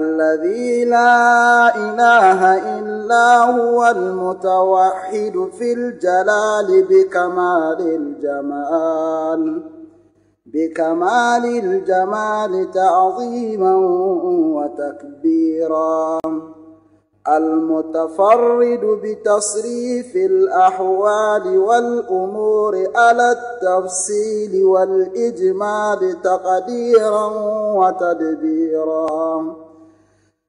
الذي لا إله إلا هو المتوحد في الجلال بكمال الجمال بكمال الجمال تعظيما وتكبيرا المتفرد بتصريف الأحوال والأمور على التفصيل والإجمال تقديرا وتدبيرا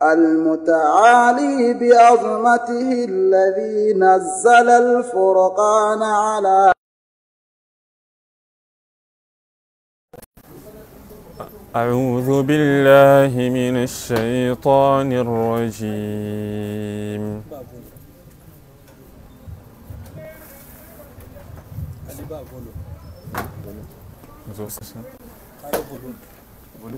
المتعالي بعظمته الذي نزل الفرقان على أعوذ بالله من الشيطان الرجيم Ali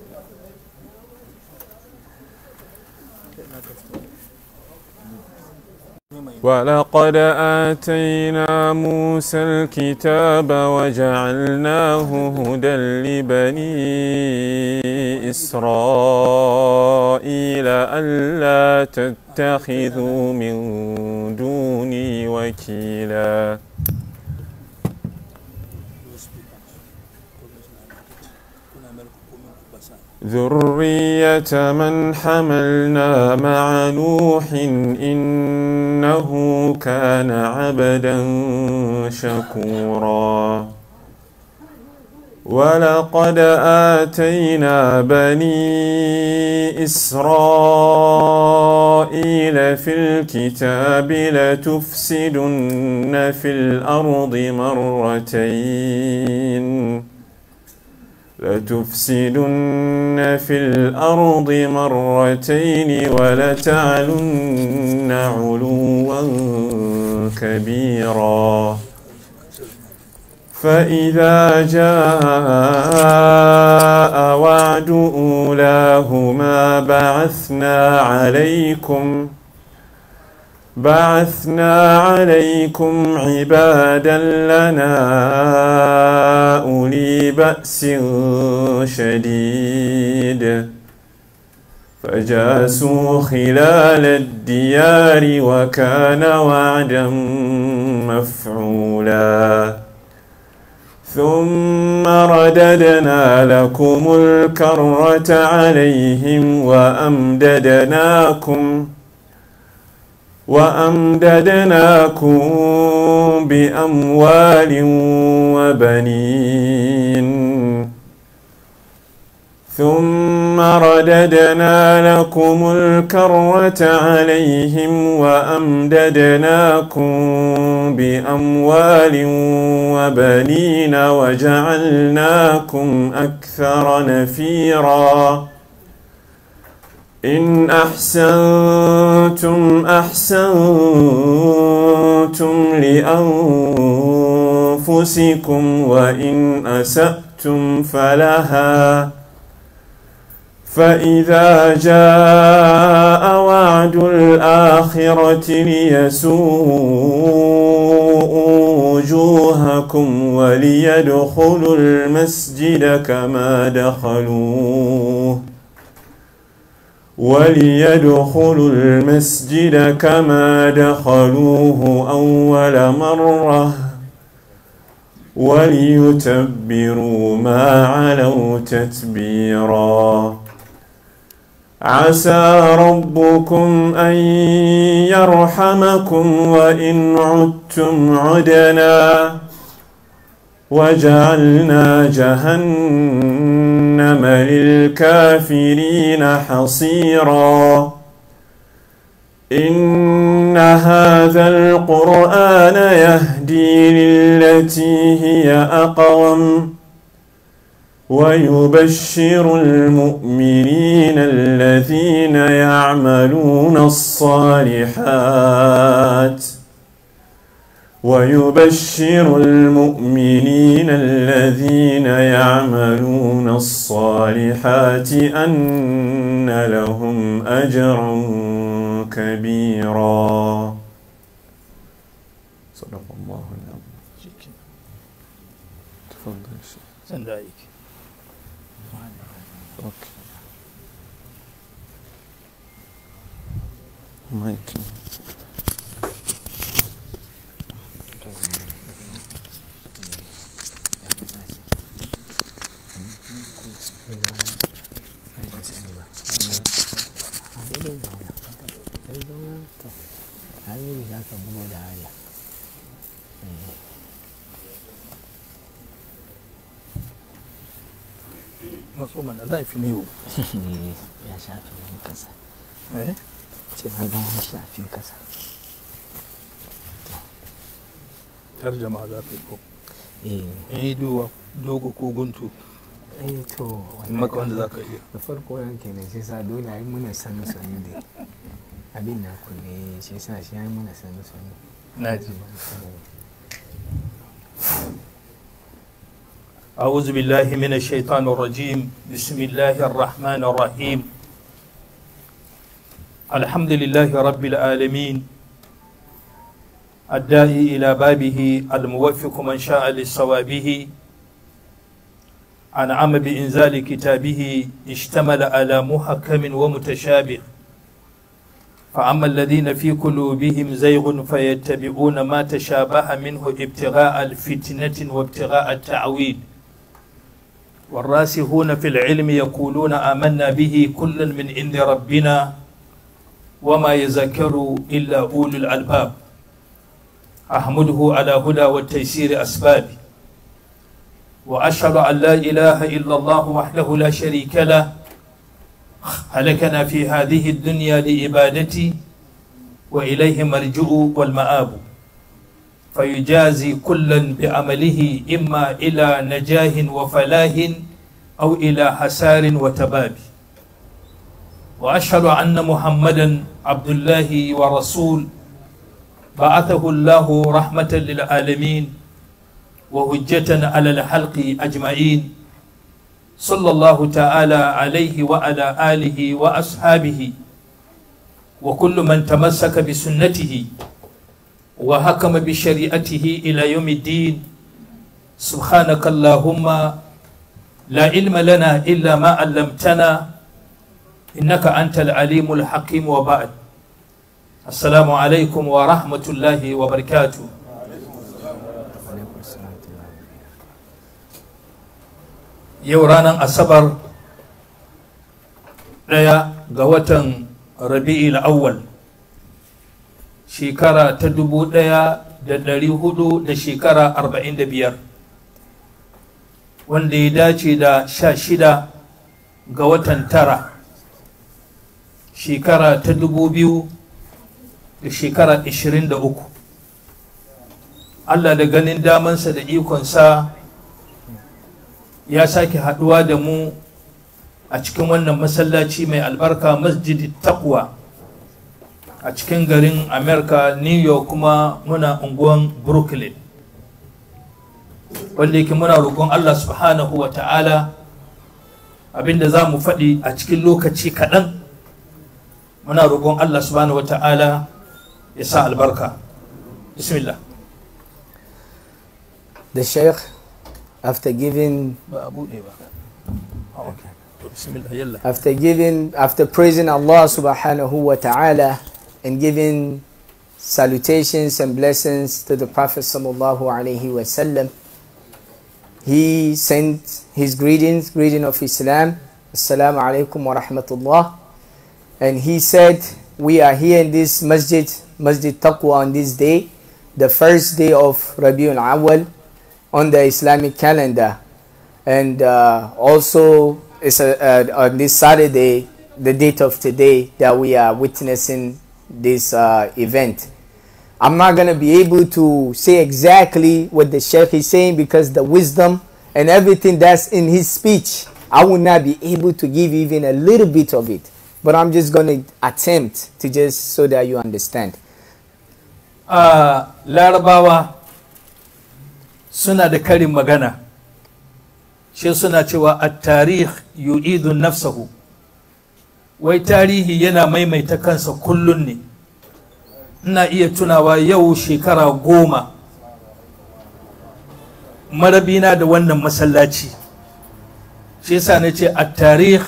ولقد آتينا موسى الكتاب وجعلناه هدى لبني إسرائيل ألا تتخذوا من دوني وكيلاً ذرية من حملنا مع نوح إنه كان عبدا شكورا ولقد آتينا بني إسرائيل في الكتاب لتفسدن في الأرض مرتين لتفسدن في الأرض مرتين ولتعلن علوا كبيرا فإذا جاء وعد أولاهما بعثنا عليكم ۖ بعثنا عليكم عبادا لنا أولي بأس شديد فجاسوا خلال الديار وكان وعدا مفعولا ثم رددنا لكم الكرة عليهم وأمددناكم ۖ وأمددناكم بأموال وبنين ثم رددنا لكم الكرة عليهم وأمددناكم بأموال وبنين وجعلناكم أكثر نفيراً إن أحسنتم أحسنتم لأنفسكم وإن أسأتم فلها فإذا جاء وعد الآخرة ليسوء وجوهكم وليدخلوا المسجد كما دخلوه وليدخلوا المسجد كما دخلوه أول مرة وليتبروا ما علوا تتبيرا عسى ربكم أن يرحمكم وإن عدتم عدنا وجعلنا جهنم للكافرين حصيرا إن هذا القرآن يهدي للتي هي أقوم ويبشر المؤمنين الذين يعملون الصالحات ويبشر المؤمنين الذين يعملون الصالحات أن لهم أجرا كبيرا صدق الله العظيم تفضل الشيخ سند عليك مايك sai to hanyoyi eh, za eh? ka bugo da hanya matso mana ya shafi wani kasa eh ce na ga wani shafi kasa tar jama'a zafi ko eh eh duwa ah, dogo ko guntu eh to wannan wanda za yi da farko yanke ne sai sa dole ai muna sanin sanin dai abin na kunne shi sa shi ya yi mana sanu sanu na ji أعوذ بالله من الشيطان الرجيم بسم الله الرحمن الرحيم الحمد لله رب العالمين الداعي إلى بابه الموفق من شاء لصوابه أنعم بإنزال كتابه اشتمل على محكم ومتشابه فأما الذين في قلوبهم زيغ فيتبعون ما تشابه منه ابتغاء الفتنة وابتغاء التعويل والراسخون في العلم يقولون آمنا به كل من عند ربنا وما يذكر إلا أولو الألباب أحمده على هدى والتيسير أسبابي وأشهد أن لا إله إلا الله وحده لا شريك له هلكنا في هذه الدنيا لإبادتي وإليه مرجع والمآب فيجازي كلا بعمله إما إلى نجاه وفلاه أو إلى حسار وتباب وأشهد أن محمدا عبد الله ورسول بعثه الله رحمة للعالمين وهجة على الحلق أجمعين صلى الله تعالى عليه وعلى آله وأصحابه وكل من تمسك بسنته وحكم بشريعته إلى يوم الدين سبحانك اللهم لا علم لنا إلا ما علمتنا إنك أنت العليم الحكيم وبعد السلام عليكم ورحمة الله وبركاته yau ranar asabar ɗaya ga watan rabi'i awwal shekara ta dubu ɗaya da ɗari hudu da shekara arba'in da biyar wanda ya dace da sha shida ga watan tara shekara ta dubu biyu da shekara ashirin da uku allah da ganin damansa da ikonsa ya sake haɗuwa da mu a cikin wannan masallaci mai albarka masjidi takwa a cikin garin america new york kuma muna unguwan brooklyn wanda yake muna roƙon allah subhanahu wa ta'ala abinda za mu faɗi a cikin lokaci kaɗan muna roƙon allah subhanahu wa ta'ala ya sa albarka bismillah da sheikh after giving after giving after praising Allah subhanahu wa ta'ala and giving salutations and blessings to the Prophet sallallahu alaihi wasallam he sent his greetings greeting of Islam assalamu alaykum wa rahmatullah and he said we are here in this masjid masjid taqwa on this day the first day of Rabiul Awal on the Islamic calendar. And uh, also, it's a, uh, uh, on this Saturday, the date of today, that we are witnessing this uh, event. I'm not going to be able to say exactly what the Sheikh is saying because the wisdom and everything that's in his speech, I will not be able to give even a little bit of it. But I'm just going to attempt to just so that you understand. Uh, Larabawa suna da karin magana shi suna cewa a tarih yu'idun nafsahu wai tarihi yana maimaita kansa kullun ne ina iya tunawa yau shekara goma marabina da wannan masallaci shi yasa na ce a tarih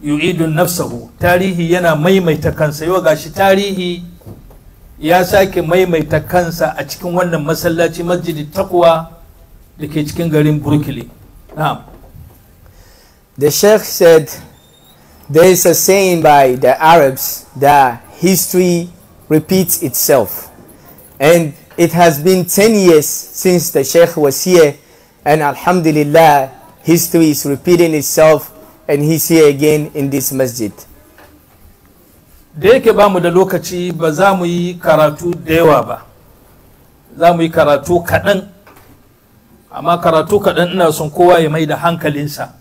yu'idun nafsahu tarihi yana maimaita kansa yau gashi tarihi ya sake maimaita kansa a cikin wannan masallaci masjidi takwa da ke cikin garin Brooklyn. Na'am. The Sheikh said there is a saying by the Arabs that history repeats itself. And it has been 10 years since the Sheikh was here and alhamdulillah history is repeating itself and he's here again in this masjid. da yake ba mu da lokaci ba za mu yi karatu da yawa ba za mu yi karatu kaɗan amma karatu kaɗan ina son kowa ya mai da hankalinsa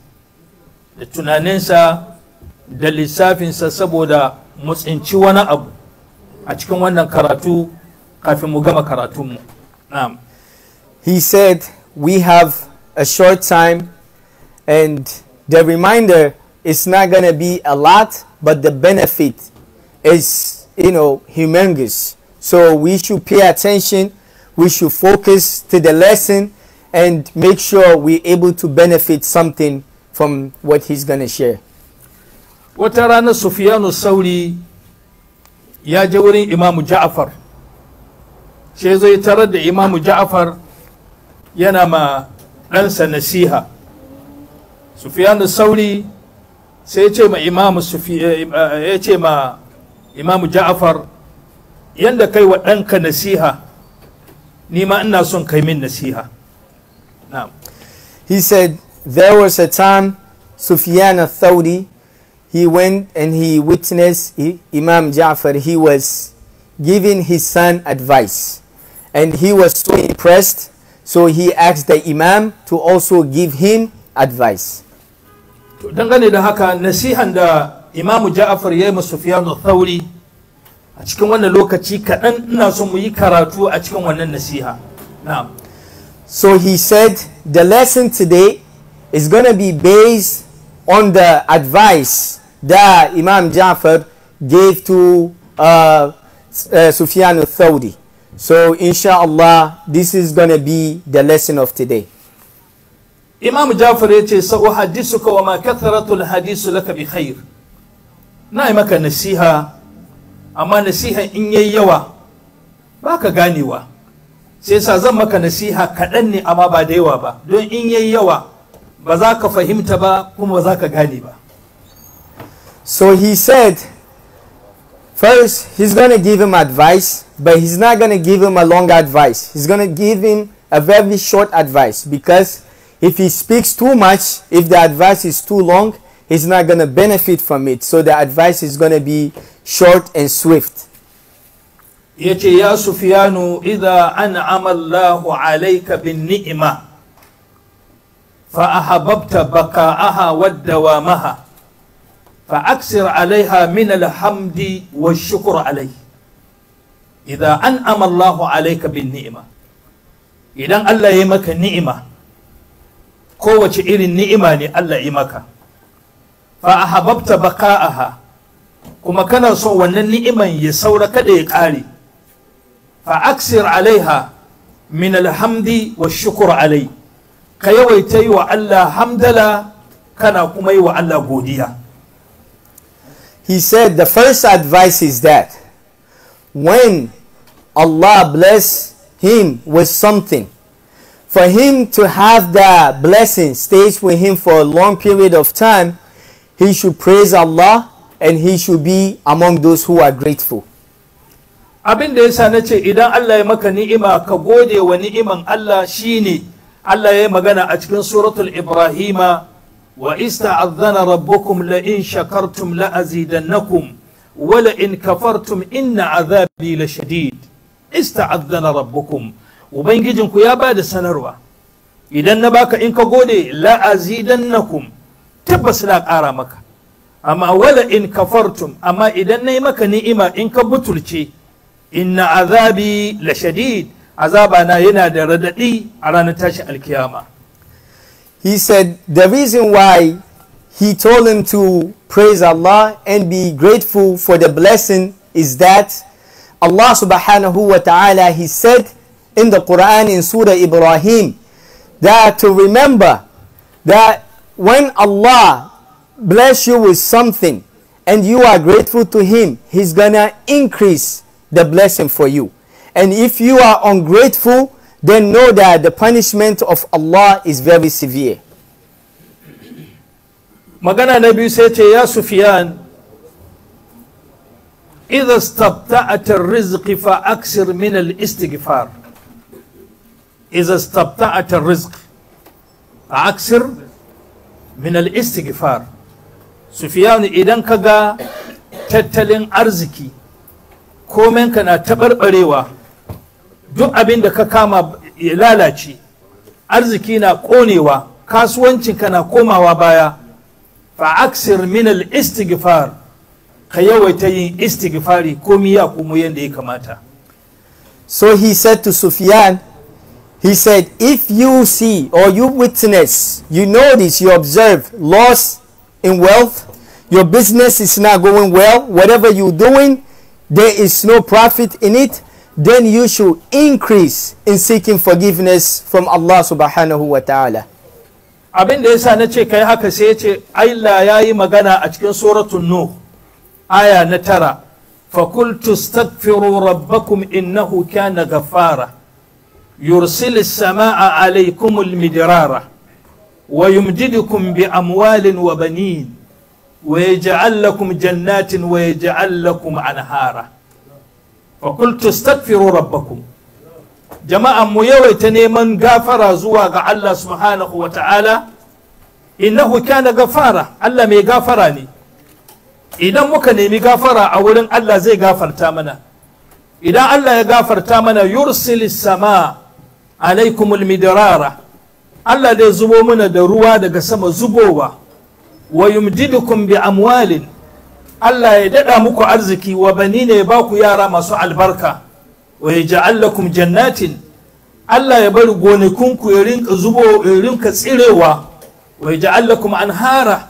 da tunaninsa da lissafinsa saboda mu tsinci wani abu a cikin wannan karatu kafin mu gama karatunmu na'am he said we have a short time and the reminder is not going be a lot but the benefit is, you know, humongous. So we should pay attention, we should focus to the lesson and make sure we're able to benefit something from what he's going to share. Wata ranar Sufiyanu Sauri ya je wurin Imamu Ja'far. Sai zo tarar da Imamu Ja'far yana ma ɗansa nasiha. Sufiyanu Sauri sai ya ce ma Imamu eh, eh, ya ce ma imamu ja'afar yanda kai wa ɗanka nasiha ni ma ina son kai min nasiha he said there was a time sufyan al-thawri he went and he witnessed imam ja'far he was giving his son advice and he was so impressed so he asked the imam to also give him advice dangane da haka nasihan da imamu ja'afar ya yi ma thauri a cikin wannan lokaci kaɗan ina son mu yi karatu a cikin wannan nasiha so he said the lesson today is going to be based on the advice that imam ja'far gave to uh, uh, Sufyan al-Thawri. So inshallah this is going to be the lesson of today. Imam Jafar yace sa'uhaddisuka wa ma katharatul hadisu laka bi khair. na yi maka nasiha amma nasiha in yayi yawa ba ka ganewa sai sa zan maka nasiha kaɗan ne amma ba da yawa ba don in yayi yawa ba za ka fahimta ba kuma ba za ka gane ba so he said First, he's going to give him advice, but he's not going to give him a long advice. He's going to give him a very short advice because if he speaks too much, if the advice is too long, he's not going to benefit from it. So the advice is going to be short and swift. yace ya sufiyanu idza an'ama Allahu alayka bin ni'ma fa ahabbta baka'aha wad dawamaha fa aksir alaiha min alhamdi wash shukr alayhi idza an'ama Allahu alayka bin ni'ma idan Allah ya maka ni'ima kowace irin ni'ima ne Allah ya maka fa ahabbta baka'aha kuma kana so wannan ni'iman ya saura kada ya ƙare fa aksir alaiha min alhamdi wa shukur alai ka yawaita yi wa Allah hamdala kana kuma yi wa Allah godiya he said the first advice is that when Allah bless him with something for him to have that blessing stays with him for a long period of time He should praise Allah and he should be among those who are grateful. Abin da yasa ce idan Allah ya maka ni'ima ka gode wa ni'iman Allah shine Allah ya yi magana a cikin suratul Ibrahima wa ista'adhana rabbukum la in shakartum la azidannakum wa la in kafartum inna azabi la shadid. ista'adhana rabbukum ubangijinku ya bada sanarwa idan na baka in ka gode la azidannakum tabbas na ƙara maka amma wala in kafartum amma idan na yi maka ni'ima in ka butulce inna azabi la shadid azabana yana da radadi a ranar tashi alkiyama he said the reason why he told him to praise Allah and be grateful for the blessing is that Allah subhanahu wa ta'ala he said in the Quran in Surah Ibrahim that to remember that when Allah bless you with something and you are grateful to Him, He's gonna increase the blessing for you. And if you are ungrateful, then know that the punishment of Allah is very severe. magana Nabi said to ya Sufyan, idza a rizq fa aksir min al-istighfar idza istabta'ata min al-istighfar sufiyanu idan ka ga tattalin arziki komenka na taɓarɓarewa duk abin da ka kama ya lalace arziki na ƙonewa kasuwancinka na komawa baya aksir min al’istigifar ka yawaita yin istigifari komi ya komo yadda ya kamata so he said to sufyan He said, if you see or you witness, you notice, you observe loss in wealth, your business is not going well, whatever you're doing, there is no profit in it, then you should increase in seeking forgiveness from Allah subhanahu wa ta'ala. Abin da yasa na ce kai haka sai ya ce Allah ya yi magana a cikin suratul Nuh aya na tara fakultu staghfiru rabbakum innahu kana ghaffara يرسل السماء عليكم المدرارة ويمددكم بأموال وبنين ويجعل لكم جنات ويجعل لكم أنهارا فقلت استغفروا ربكم جماعة ميويت من غافر زواغ الله سبحانه وتعالى إنه كان غفارا الله مي غافراني إذا muka nemi gafara أولا wurin زي غافر تامنا إذا idan يغافر تامنا يرسل السماء alaikumul midrara Allah dai zubo mana da ruwa daga sama zubowa wa yumdidukum bi amwalin Allah ya dada muku arziki wa ne ya baku yara masu albarka wa yaj'al lakum jannatin Allah ya bari gonakunku ya rinka zubo ya rinka tsirewa wa yaj'al lakum anhara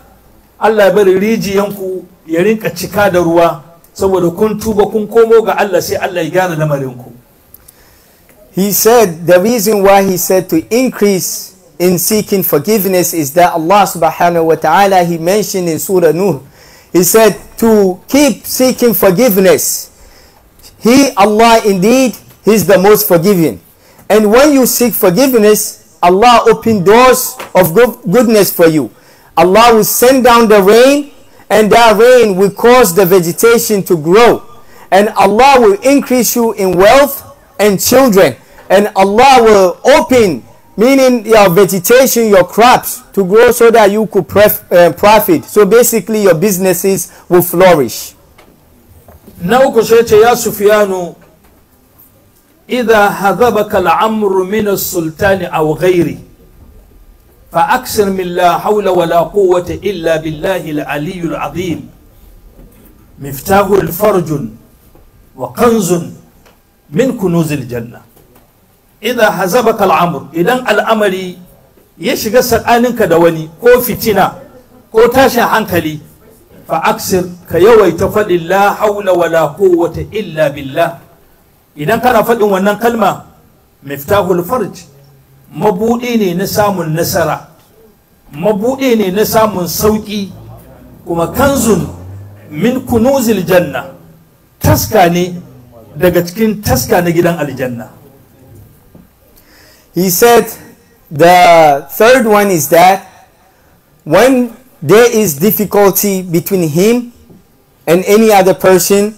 Allah ya bari rijiyanku ya rinka cika da ruwa saboda kun tuba kun komo ga Allah sai Allah ya gyara lamarinku He said the reason why he said to increase in seeking forgiveness is that Allah subhanahu wa ta'ala he mentioned in Surah Nuh. He said to keep seeking forgiveness. He, Allah indeed, He's the most forgiving. And when you seek forgiveness, Allah open doors of goodness for you. Allah will send down the rain and that rain will cause the vegetation to grow. And Allah will increase you in wealth and children. And Allah will open, meaning your vegetation, your crops to grow so that you could uh, profit. So basically your businesses will flourish. Now, uku sai ce ya Sufiyanu idha hadhabaka min as-sultani aw ghairi fa aksir min la hawla wa la quwwata illa billahi al-aliyyul azim miftahu al-farjun wa kanzun min kunuzil janna idan idan al'amari ya shiga tsakaninka da wani ko fitina ko tashin hankali fa aksir ka yawaita faɗin la haula wala quwwata illa billah idan kana faɗin wannan kalma miftahul farj mabuɗi ne na samun nasara mabuɗi ne na samun sauƙi kuma kanzun min kunuzil janna taska ne daga cikin taska na gidan aljanna he said the third one is that when there is difficulty between him and any other person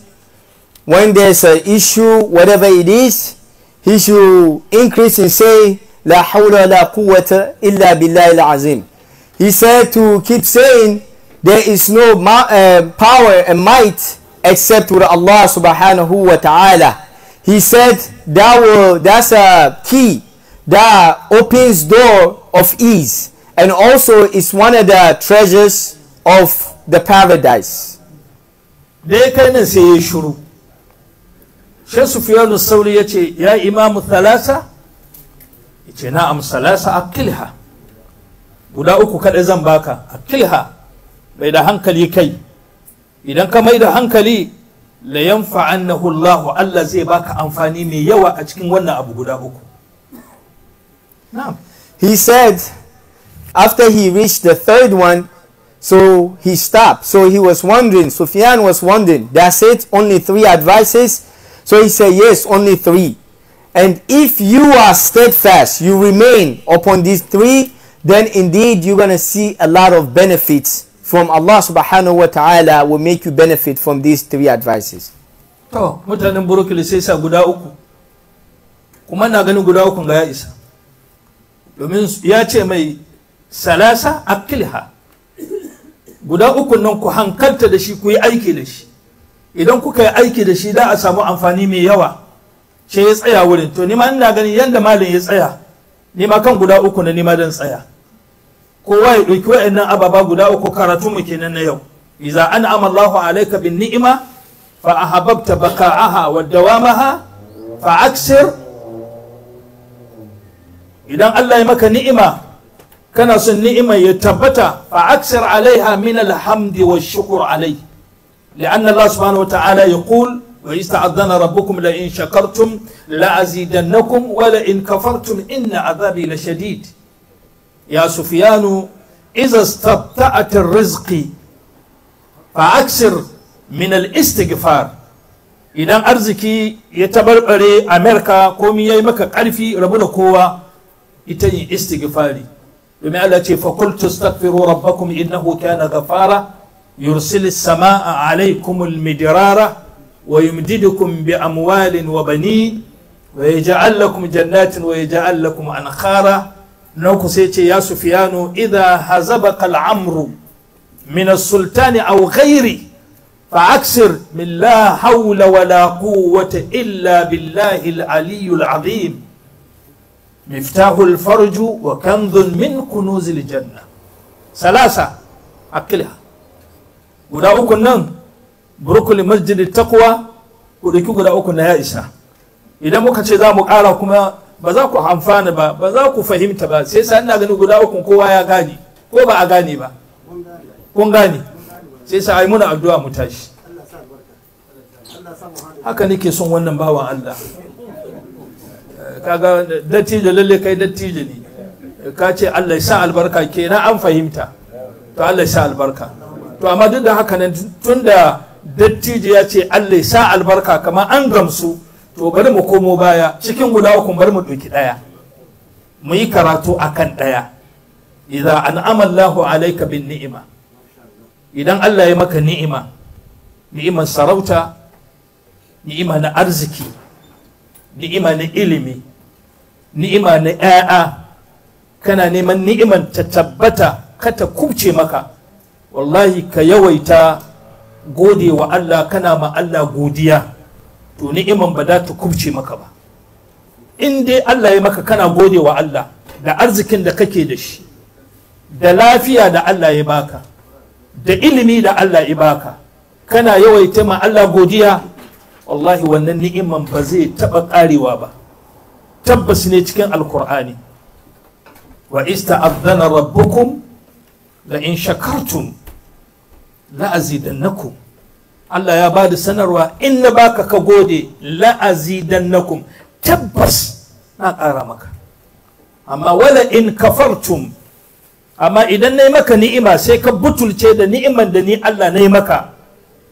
when there's an issue whatever it is he should increase and say la hawla la quwwata illa billahi azim he said to keep saying there is no uh, power and might except with Allah subhanahu wa ta'ala. He said that will, that's a key that opens door of ease and also is one of the treasures of the paradise. Dai kai nan sai shuru. Shai Sufiyanu Sauri ya ce, Ya imamu thalasa? Ya ce, Na'am, thalasa akilha. Guda uku kaɗai zan baka, akilha, bai da hankali kai. idan ka mai hankali la yanfa'annahu Allah Allah zai baka amfani mai yawa a cikin wannan abu guda uku he said after he reached the third one so he stopped so he was wondering Sufyan was wondering that's it only three advices so he said yes only three and if you are steadfast you remain upon these three then indeed you're going to see a lot of benefits from Allah subhanahu wa ta'ala will make you benefit from these three advices. To, mutanen Burukili sai sa guda uku, kuma na ganin guda uku ga ya isa. Domin ya ce mai salasa akilha guda uku nan ku hankalta da shi ku yi aiki da shi. Idan kuka yi aiki da shi da a samu amfani mai yawa, shi ya tsaya wurin. To, nima ina ganin yadda malin ya tsaya, nima kan guda uku na nima don tsaya. kowai ya ɗauki wa'annan ababa guda uku karatu mu kenan na yau iza an amallahu alayka bin ni'ima fa ahabbta baqa'aha wa dawamaha fa aksir idan Allah ya maka ni'ima kana son ni'ima ya tabbata fa aksir alaiha min alhamd wa shukr alai لأن الله سبحانه وتعالى يقول ويستعذن ربكم لئن شكرتم لأزيدنكم ولئن كفرتم إن عذابي لشديد يا سفيان إذا استطعت الرزق فأكثر من الاستغفار إذا أرزكي يتبرعري أمريكا قومي يا مكة قلفي ربنا قوة إتني استغفاري بما التي فقلت استغفروا ربكم إنه كان غفارا يرسل السماء عليكم المدرارة ويمددكم بأموال وبنين ويجعل لكم جنات ويجعل لكم أنخارا na sai ce ya sufiyano idha hazabaka al'amru min sultani aw ghairi fa aksir min la hawla wa la quwwata illa billahi al-aliyyul azim miftahu al farju wa kanzun min kunuz al-janna salasa akilha guda uku nan burkul masjid taqwa ku guda uku na ya isa idan muka ce za mu ƙara kuma ba za ku amfana ba ba za ku fahimta ba sai sa ina gani guda uku kowa ya gane ko ba a gane ba kun gane sai sa ai muna addu'a mu tashi haka nake son wannan bawan Allah eh, kaga dattijo lalle kai dattijo ne ka ce Allah ya sa albarka kenan an fahimta to Allah ya sa albarka to amma duk da haka nan tunda dattijo ya ce Allah ya sa albarka kamar an gamsu to bari mu komo baya cikin guda uku bari mu ɗauki ɗaya mu yi karatu akan ɗaya idan an'ama Allahu alaika bin ni'ima idan Allah ya maka ni'ima ni'iman sarauta ni'ima na arziki ni'ima na ilimi ni'ima na 'ya'ya kana neman ni'iman ta tabbata ka ta kubce maka wallahi ka yawaita gode wa Allah kana ma Allah godiya to ni'iman ba za ta kubce maka ba in dai Allah ya maka kana gode wa Allah da arzikin da kake da shi da lafiya da Allah ya baka da ilimi da Allah ya baka kana yawaita ma Allah godiya wallahi wannan ni'iman ba zai taɓa ƙarewa ba tabbas ne cikin alkur'ani wa ista'adhana rabbukum la in shakartum la azidannakum Allah ya bada sanarwa in na baka ka gode la'azidannakum tabbas na ƙara maka amma wala in kafartum amma idan na yi maka ni'ima sai ka butulce da ni'imar da ni Allah na yi maka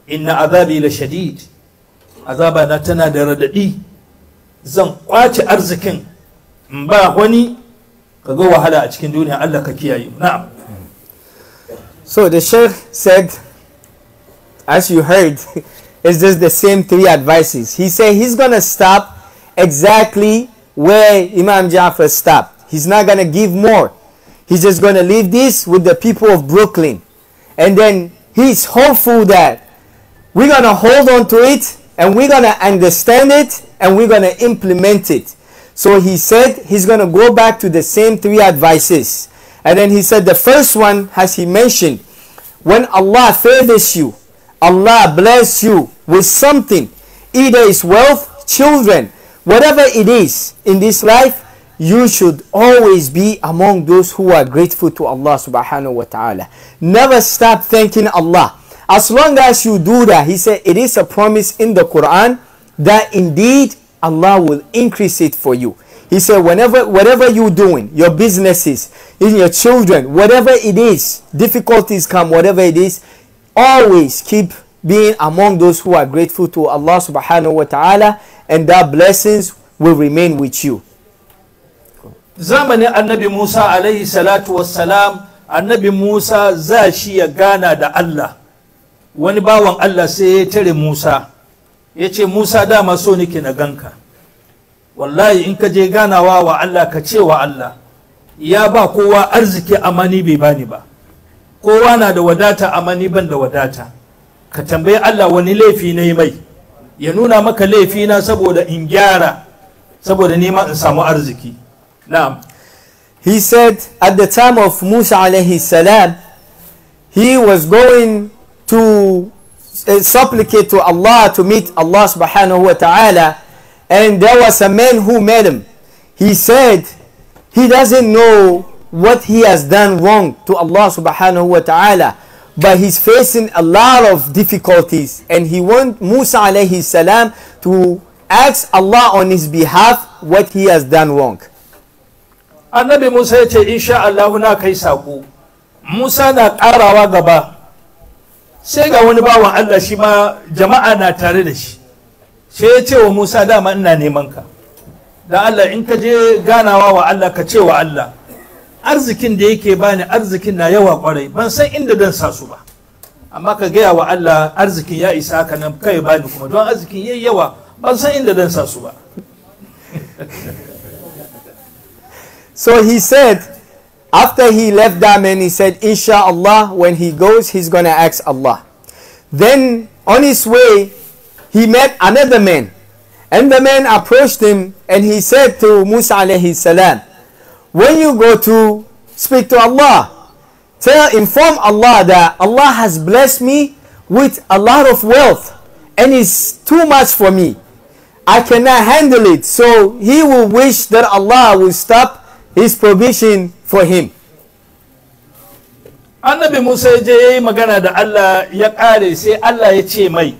inna azabi la shadid azaba na tana da radadi zan kwace arzikin in ba wani ka ga wahala a cikin duniya Allah ka kiyaye na'am so the sheikh said as you heard, it's just the same three advices. He said he's going to stop exactly where Imam Jafar stopped. He's not going to give more. He's just going to leave this with the people of Brooklyn. And then he's hopeful that we're going to hold on to it and we're going to understand it and we're going to implement it. So he said he's going to go back to the same three advices. And then he said the first one, as he mentioned, when Allah favors you, Allah bless you with something. Either it's wealth, children, whatever it is in this life, you should always be among those who are grateful to Allah subhanahu wa ta'ala. Never stop thanking Allah. As long as you do that, he said it is a promise in the Quran that indeed Allah will increase it for you. He said, whenever, whatever you're doing, your businesses, in your children, whatever it is, difficulties come, whatever it is, always keep being among those who are grateful to Allah subhanahu wa ta'ala and that blessings will remain with you. Zamanin annabi Musa alaihi salatu wassalam annabi Musa za shi ya gana da Allah wani bawan Allah sai ya tare Musa ya ce Musa dama so nake na ganka wallahi in ka je ganawa wa Allah ka ce wa Allah ya ba kowa arziki amani bai bani ba kowa na da wadata amma ni ban da wadata ka tambayi Allah wani laifi na yi mai ya nuna maka laifi na saboda in gyara saboda nema in samu arziki na'am he said at the time of Musa alayhi salam he was going to uh, supplicate to Allah to meet Allah subhanahu wa ta'ala and there was a man who met him he said he doesn't know what he has done wrong to Allah subhanahu wa ta'ala but he's facing a lot of difficulties and he want Musa alayhi salam to ask Allah on his behalf what he has done wrong annabi Musa ya ce insha Allah na kai sako Musa na karawa gaba sai ga wani bawan Allah shi ma jama'a na tare da shi sai ya ce wa Musa dama ina neman ka da Allah in ka je ganawa wa Allah ka ce wa Allah arzikin da yake bani arzikin na yawa kwarai ban san inda dan sa su ba amma ka gaya wa Allah arzikin ya isa haka nan kai bani kuma don arzikin yayi yawa ban san inda dan sa su ba so he said after he left that man he said Allah when he goes he's going to ask Allah then on his way he met another man and the man approached him and he said to Musa alayhi salam when you go to speak to Allah, tell, inform Allah that Allah has blessed me with a lot of wealth and it's too much for me. I cannot handle it. So he will wish that Allah will stop his provision for him. Annabi Musa je yayi magana da Allah ya kare sai Allah ya ce mai,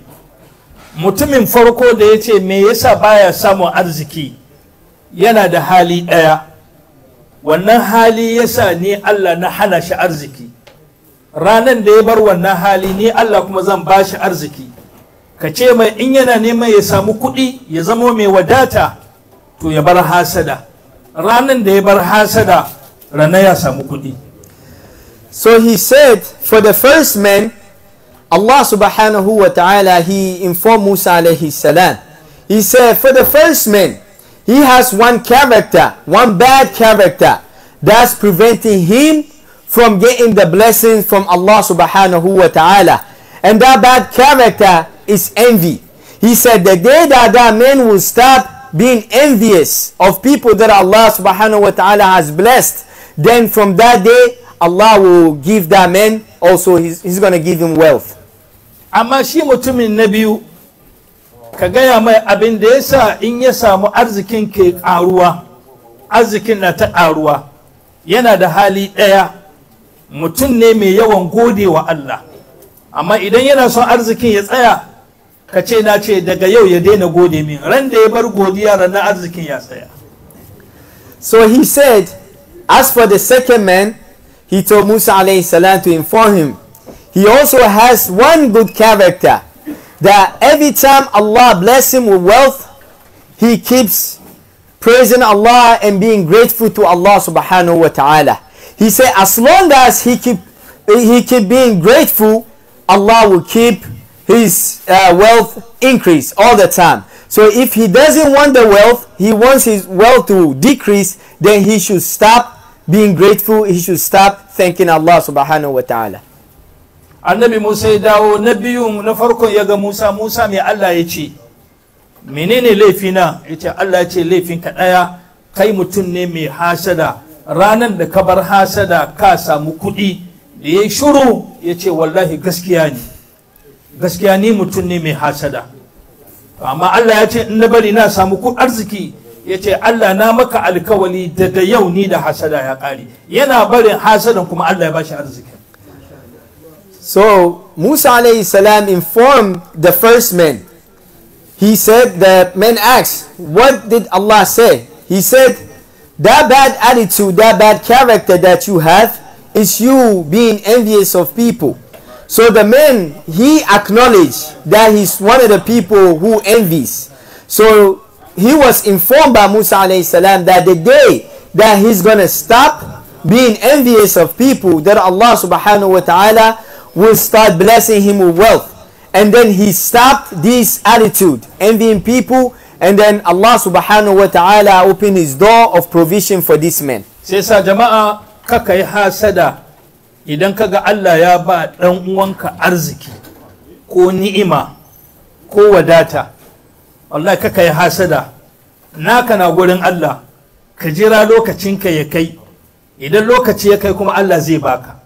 mutumin farko da yace ce me yasa baya samun arziki yana da hali ɗaya. wannan hali ya sa ni Allah na hana shi arziki ranan da ya bar wannan hali ni Allah kuma zan ba shi arziki ka ce mai in yana neman ya samu kuɗi ya zamo mai wadata to ya bar hasada ranan da ya bar hasada rana ya samu kuɗi so he said for the first man Allah subhanahu wa ta'ala he informed Musa alayhi salam he said for the first man He has one character, one bad character that's preventing him from getting the blessings from Allah subhanahu wa ta'ala. And that bad character is envy. He said the day that that man will stop being envious of people that Allah subhanahu wa ta'ala has blessed, then from that day Allah will give that man also he's, he's going to give him wealth. ka gaya mai abin da ya sa in ya samu arzikin ke ƙaruwa arzikin na ta karuwa yana da hali ɗaya mutum ne mai yawan gode wa Allah amma idan yana son arzikin ya tsaya ka ce na ce daga yau ya daina gode min ran da ya bar godiya ranar arzikin ya tsaya so he said as for the second man he told Musa alayhi salam to inform him he also has one good character that every time Allah bless him with wealth, he keeps praising Allah and being grateful to Allah subhanahu wa ta'ala. He said, as long as he keep, he keep being grateful, Allah will keep his uh, wealth increase all the time. So if he doesn't want the wealth, he wants his wealth to decrease, then he should stop being grateful. He should stop thanking Allah subhanahu wa ta'ala. annabi musa ya dawo na biyu na farkon ya ga musa musa mai allah ya ce menene laifina ya ce allah ya ce laifinka ɗaya kai mutum ne mai hasada ranar da ka bar hasada ka samu kuɗi da ya shuru ya ce wallahi gaskiya ne gaskiya ni mutum ne mai hasada amma allah ya ce in na bari na samu arziki ya ce Allah na maka alkawali daga yau ni da hasada ya ƙare yana barin hasadan kuma Allah ya bashi arziki So Musa alayhi salam informed the first men. He said, the men asked, what did Allah say? He said, that bad attitude, that bad character that you have is you being envious of people. So the man, he acknowledged that he's one of the people who envies. So he was informed by Musa alayhi salam that the day that he's going to stop being envious of people, that Allah subhanahu wa ta'ala will start blessing him with wealth. And then he stopped this attitude, envying people. And then Allah subhanahu wa ta'ala opened his door of provision for this man. Sai sa jama'a kaka yi hasada idan kaga Allah ya ba ɗan uwanka arziki ko ni'ima ko wadata. Allah kaka yi hasada naka na gurin Allah ka jira lokacinka ya kai idan lokaci ya kai kuma Allah zai baka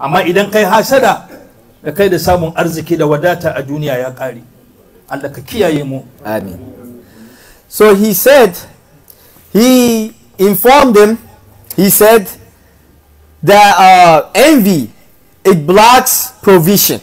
amma idan kai hasada da kai da samun arziki da wadata a duniya ya kare Allah ka kiyaye mu amin so he said he informed them he said that uh, envy it blocks provision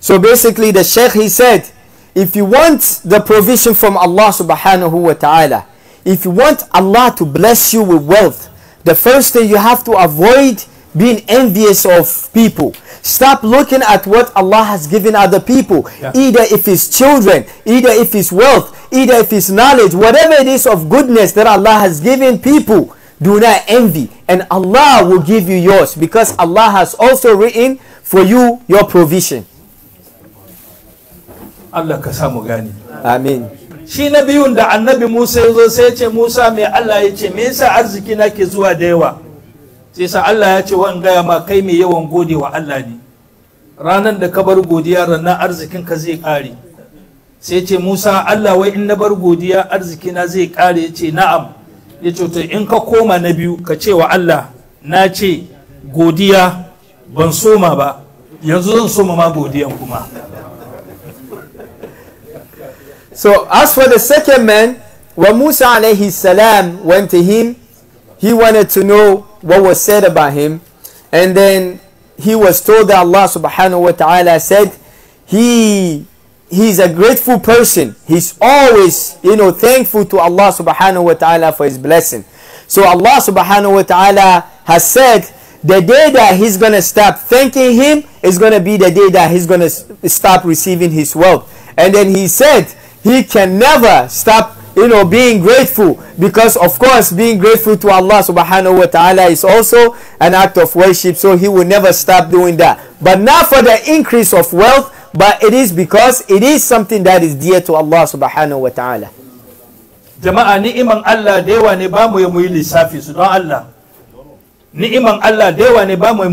so basically the sheikh he said if you want the provision from Allah subhanahu wa ta'ala if you want Allah to bless you with wealth the first thing you have to avoid being envious of people. Stop looking at what Allah has given other people, yeah. either if it's children, either if it's wealth, either if it's knowledge, whatever it is of goodness that Allah has given people, do not envy. And Allah will give you yours because Allah has also written for you your provision. Allah kasamu gani. Amin. Shi na da annabi Musa ya sai ya ce Musa me Allah ya ce me yasa arziki zuwa da yawa? sai sa Allah ya ce wa'an gaya ma kai mai yawan gode wa Allah ne ranar da ka bar godiya ranar arzikin ka zai ƙare sai ce Musa Allah wai in na bar godiya arziki na zai ƙare ya ce na'am ya ce to in ka koma na biyu ka ce wa Allah na ce godiya ban soma ba yanzu zan soma ma godiyan kuma So as for the second man, when Musa alayhi salam went to him, he wanted to know what was said about him. And then he was told that Allah subhanahu wa ta'ala said, he he's a grateful person. He's always, you know, thankful to Allah subhanahu wa ta'ala for his blessing. So Allah subhanahu wa ta'ala has said the day that he's gonna stop thanking him is gonna be the day that he's gonna stop receiving his wealth. And then he said he can never stop you know being grateful because of course being grateful to Allah subhanahu wa ta'ala is also an act of worship so he will never stop doing that but not for the increase of wealth but it is because it is something that is dear to Allah subhanahu wa ta'ala jama'a iman Allah dewa ni ne ba mu yi lissafi su Allah ni'iman Allah da yawa ne ba mu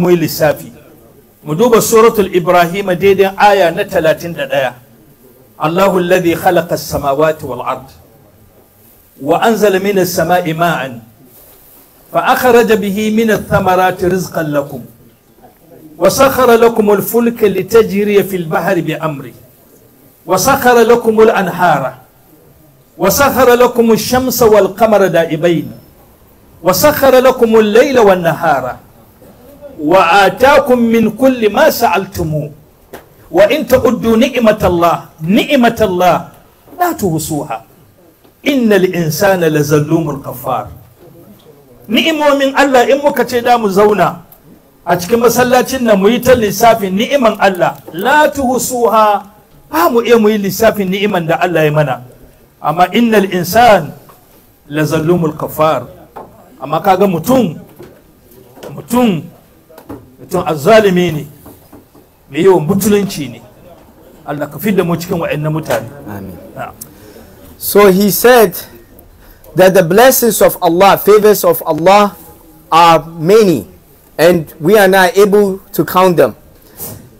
suratul ibrahim daidai ayah na 31 Allahu alladhi khalaqa as-samawati wal ardh وأنزل من السماء ماء فأخرج به من الثمرات رزقا لكم وسخر لكم الفلك لتجري في البحر بأمره وسخر لكم الأنهار وسخر لكم الشمس والقمر دائبين وسخر لكم الليل والنهار وآتاكم من كل ما سألتموه وإن تعدوا نعمة الله نعمة الله لا تحصوها innal insana lazalumun kafar ni'imomin Allah in muka ce da mu zauna a cikin masallacin nan mu yi ta lissafin ni'iman Allah la tuhsuha ba mu iya mu yi lissafin ni'iman da Allah ya mana amma innal insan lazalumul kafar amma kaga mutum mutum mutum azzalimi ne mai yawan butulunci ne Allah ka fidda mu cikin wa'annan mutane amin So he said that the blessings of Allah, favors of Allah are many and we are not able to count them.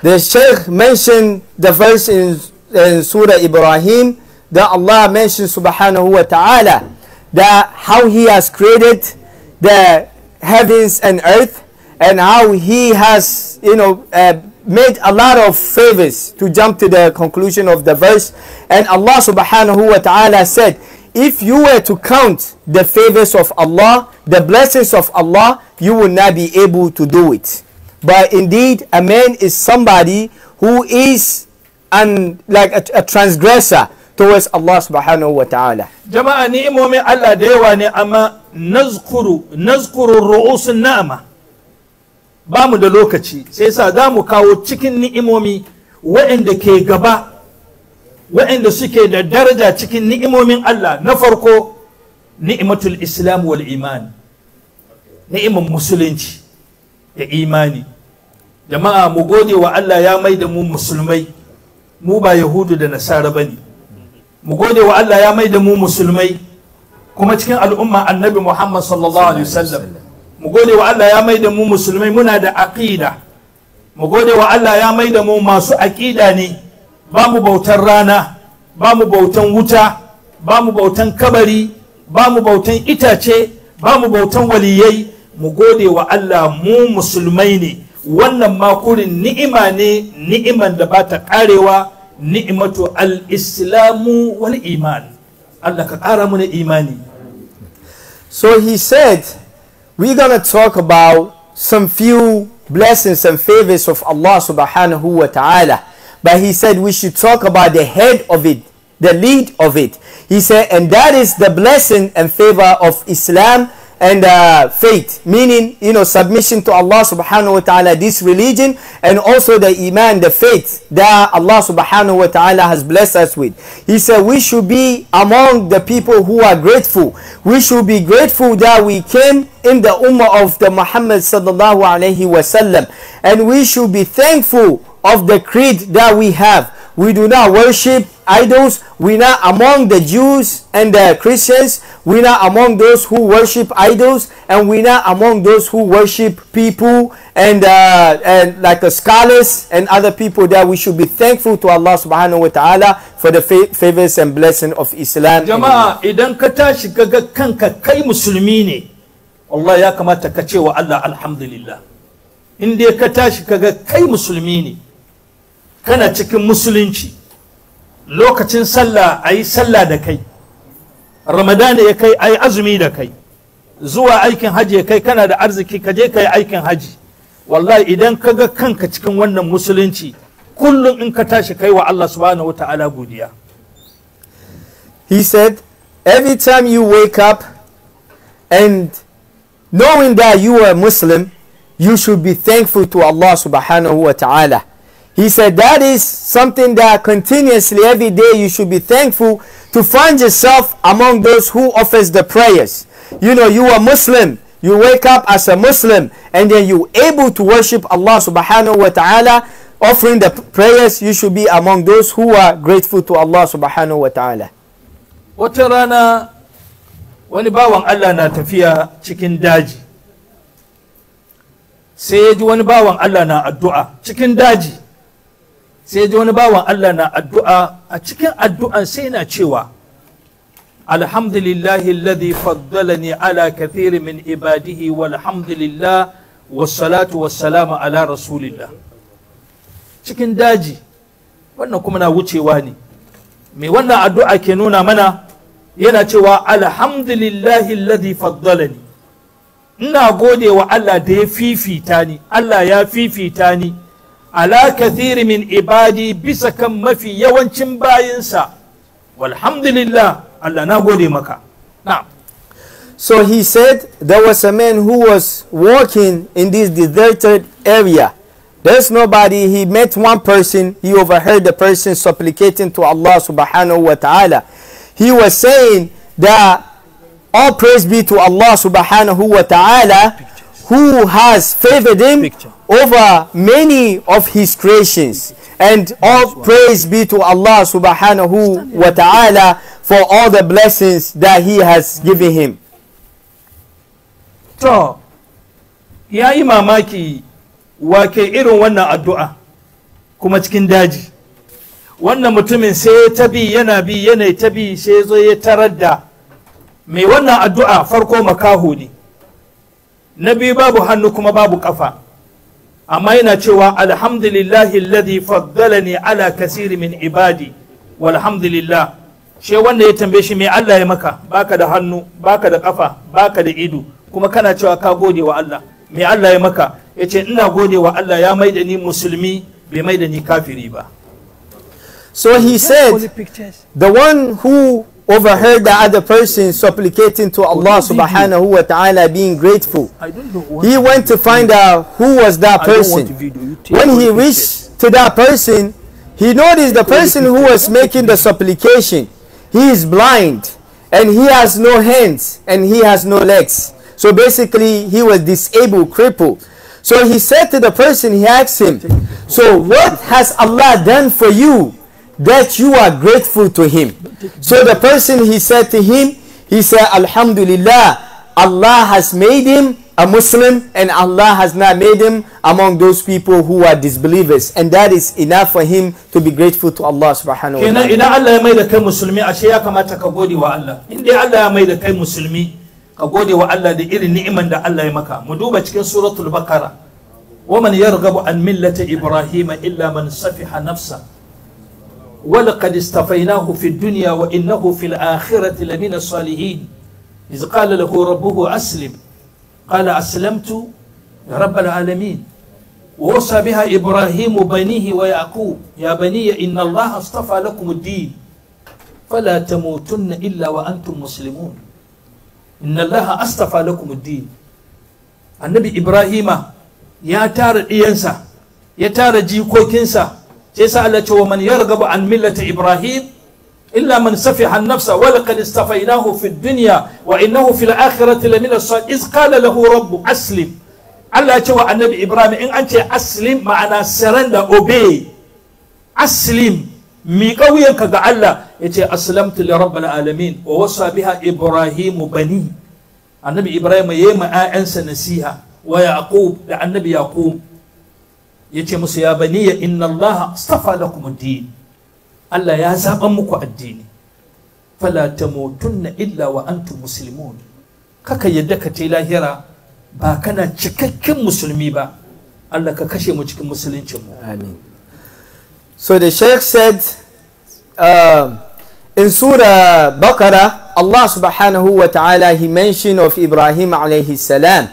The Shaykh mentioned the verse in, in Surah Ibrahim that Allah mentions subhanahu wa ta'ala that how he has created the heavens and earth and how he has you know uh, made a lot of favors to jump to the conclusion of the verse. And Allah subhanahu wa ta'ala said, if you were to count the favors of Allah, the blessings of Allah, you will not be able to do it. But indeed, a man is somebody who is an, like a, a transgressor towards Allah subhanahu wa ta'ala. Jama'a ni'imomin Allah da yawa ne amma nazkuru, nazkuru ru'usun na'ama. ba mu da lokaci sai sa za mu kawo cikin ni'imomi waɗanda ke gaba waɗanda suke da daraja cikin ni'imomin Allah na farko ni'imatul islam wal iman ni'imar musulunci da imani jama'a mu gode wa Allah ya mai da mu musulmai mu ba yahudu da nasara ba ne mu gode wa Allah ya mai da mu musulmai kuma cikin al'umma annabi Muhammad sallallahu alaihi wasallam mu gode wa Allah ya mai da mu musulmai muna da aqida mu gode wa Allah ya mai da mu masu aqida ne ba mu bautan rana ba mu bautan wuta ba mu bautan kabari ba mu bautan itace ba mu bautan waliyai mu gode wa Allah mu musulmai ne wannan makurin ni'ima ne ni'iman da ba ta karewa ni'imatu al-islamu wal iman Allah ka kara mu imani so he said we're going to talk about some few blessings and favors of Allah subhanahu wa ta'ala. But he said we should talk about the head of it, the lead of it. He said, and that is the blessing and favor of Islam and uh, faith, meaning you know submission to Allah subhanahu wa taala, this religion, and also the iman, the faith that Allah subhanahu wa taala has blessed us with. He said we should be among the people who are grateful. We should be grateful that we came in the ummah of the Muhammad sallallahu alaihi wasallam, and we should be thankful of the creed that we have. We do not worship idols. We are among the Jews and the Christians. We are among those who worship idols, and we are among those who worship people and uh, and like the scholars and other people that we should be thankful to Allah subhanahu wa ta'ala for the favors and blessing of Islam. Jama'a idan ka tashi kanka kai musulmi Allah ya kamata ka wa Allah alhamdulillah in dai ka tashi kaga kai musulmi ne kana cikin musulunci lokacin sallah a yi sallah da kai ramadana ya kai a yi azumi da kai zuwa aikin haji ya kai kana da arziki ka je ka yi aikin haji wallahi idan ka ga kanka cikin wannan musulunci kullum in ka tashi kai wa Allah subhanahu wa ta'ala godiya he said every time you wake up and knowing that you are Muslim you should be thankful to Allah subhanahu wa ta'ala he said that is something that continuously every day you should be thankful to find yourself among those who offers the prayers. You know, you are Muslim. You wake up as a Muslim and then you able to worship Allah subhanahu wa ta'ala offering the prayers you should be among those who are grateful to Allah subhanahu wa ta'ala. Wata rana wani bawan Allah na tafiya cikin daji sai ya ji wani bawan Allah na addu'a cikin daji sai ji wani bawan Allah na addu'a a cikin addu'an sai na cewa alhamdulillahi alladhi faddalani ala kathiri min ibadihi walhamdulillah wassalatu wassalamu ala rasulillah cikin daji wannan kuma na wucewa ne mai wannan addu'a ke nuna mana yana cewa alhamdulillahi alladhi faddalani ina gode wa Allah da ya fifita ni Allah ya fifita ni ala kathiri min ibadi bisa kan mafi yawancin bayinsa walhamdulillah Allah na gode maka na'am so he said there was a man who was walking in this deserted area there's nobody he met one person he overheard the person supplicating to Allah subhanahu wa ta'ala he was saying that all praise be to Allah subhanahu wa ta'ala who has favored him over many of his creations. And all praise be to Allah subhanahu wa ta'ala for all the blessings that he has given him. So, ya yi mamaki ke irin wannan addu'a kuma cikin daji. Wannan mutumin sai ta bi yana bi yanayi ta bi sai zo ya tarar da mai wannan addu'a farko makaho ne. na biyu babu hannu kuma babu ƙafa. amma yana cewa alhamdulillahi alladhi faddalani ala kasiri min ibadi walhamdulillah she wanda ya tambaye shi me Allah ya maka baka da hannu baka da kafa baka da ido kuma kana cewa ka gode wa Allah me Allah ya maka yace ina gode wa Allah ya maida ni musulmi bai maida ni kafiri ba so he said the one who overheard the other person supplicating to Allah subhanahu wa ta'ala being grateful. He went to find out who was that person. When he reached to that person, he noticed the person who was making the supplication. He is blind and he has no hands and he has no legs. So basically he was disabled, crippled. So he said to the person, he asked him, so what has Allah done for you that you are grateful to him. So the person he said to him, he said, Alhamdulillah, Allah has made him a Muslim and Allah has not made him among those people who are disbelievers. And that is enough for him to be grateful to Allah subhanahu wa ta'ala. Ina Allah ya mai kai musulmi a ce ya kamata ka gode wa Allah. In dai Allah ya mai da kai musulmi ka gode wa Allah da irin ni'iman da Allah ya maka. Mu duba cikin suratul Baqara. ومن يرغب عن ملة إبراهيم إلا من سفح نفسه ولقد اصطفيناه في الدنيا وإنه في الآخرة لمن الصالحين إذ قال له ربه أسلم قال أسلمت رب العالمين ووصى بها إبراهيم بنيه ويعقوب يا بني إن الله اصطفى لكم الدين فلا تموتن إلا وأنتم مسلمون إن الله اصطفى لكم الدين النبي إبراهيم يا تار إيانسا يا تار جيكوكينسا sai sa Allah ce wa ya yarghabu an millati ibrahim illa man safiha an-nafsa wa laqad istafaynahu fi duniya. wa innahu fil akhirati lamina as-salihin iz qala lahu rabbu aslim Allah ya ce wa annabi ibrahim in an ce aslim ma'ana surrender obey aslim miƙa wuyanka ga Allah ya ce aslamtu li rabbil alamin wa wasa biha ibrahim bani annabi ibrahim yayi yi ma 'ya'yansa nasiha wa yaqub da annabi yaqub yace musu ya baniya inna Allah astafa lakum din Allah ya zaban muku addini fala tamutunna illa wa antum muslimun kaka yadda ka ta lahira ba kana cikakken musulmi ba Allah ka kashe mu cikin musuluncin mu amin so the sheikh said um, in surah baqarah Allah subhanahu wa ta'ala he mentioned of Ibrahim alayhi salam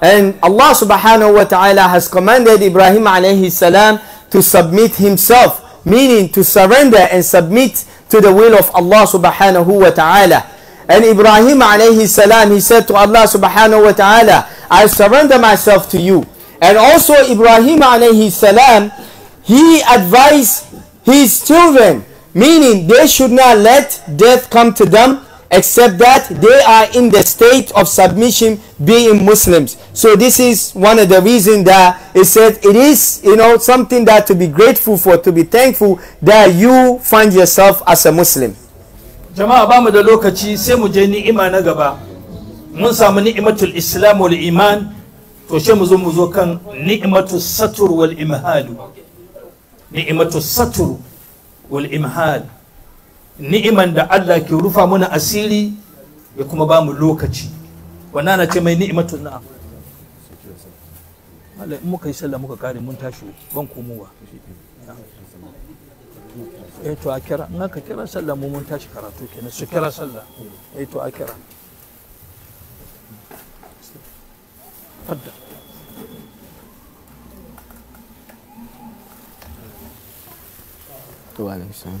And Allah subhanahu wa ta'ala has commanded Ibrahim alayhi salam to submit himself, meaning to surrender and submit to the will of Allah subhanahu wa ta'ala. And Ibrahim alayhi salam, he said to Allah subhanahu wa ta'ala, I surrender myself to you. And also Ibrahim alayhi salam, he advised his children, meaning they should not let death come to them except that they are in the state of submission being Muslims. So this is one of the reasons that it said it is, you know, something that to be grateful for, to be thankful that you find yourself as a Muslim. Jama'a ba mu da lokaci sai mu je ni'ima na gaba. Mun samu ni'imatul Islam wal iman to sai mu zo mu zo kan ni'imatul satr wal imhal. Ni'imatul satr wal imhal. ni'iman da Allah ke rufa mana asiri ya kuma ba mu lokaci wannan na ce mai ni'imatun na'am Allah in muka yi sallah muka kare mun tashi ban komowa eh to akira in aka kira sallah mu mun tashi karatu kenan su kira sallah eh to akira kira تفضل وعليكم السلام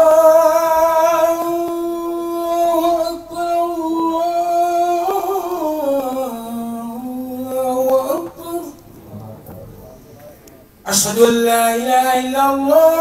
Lord.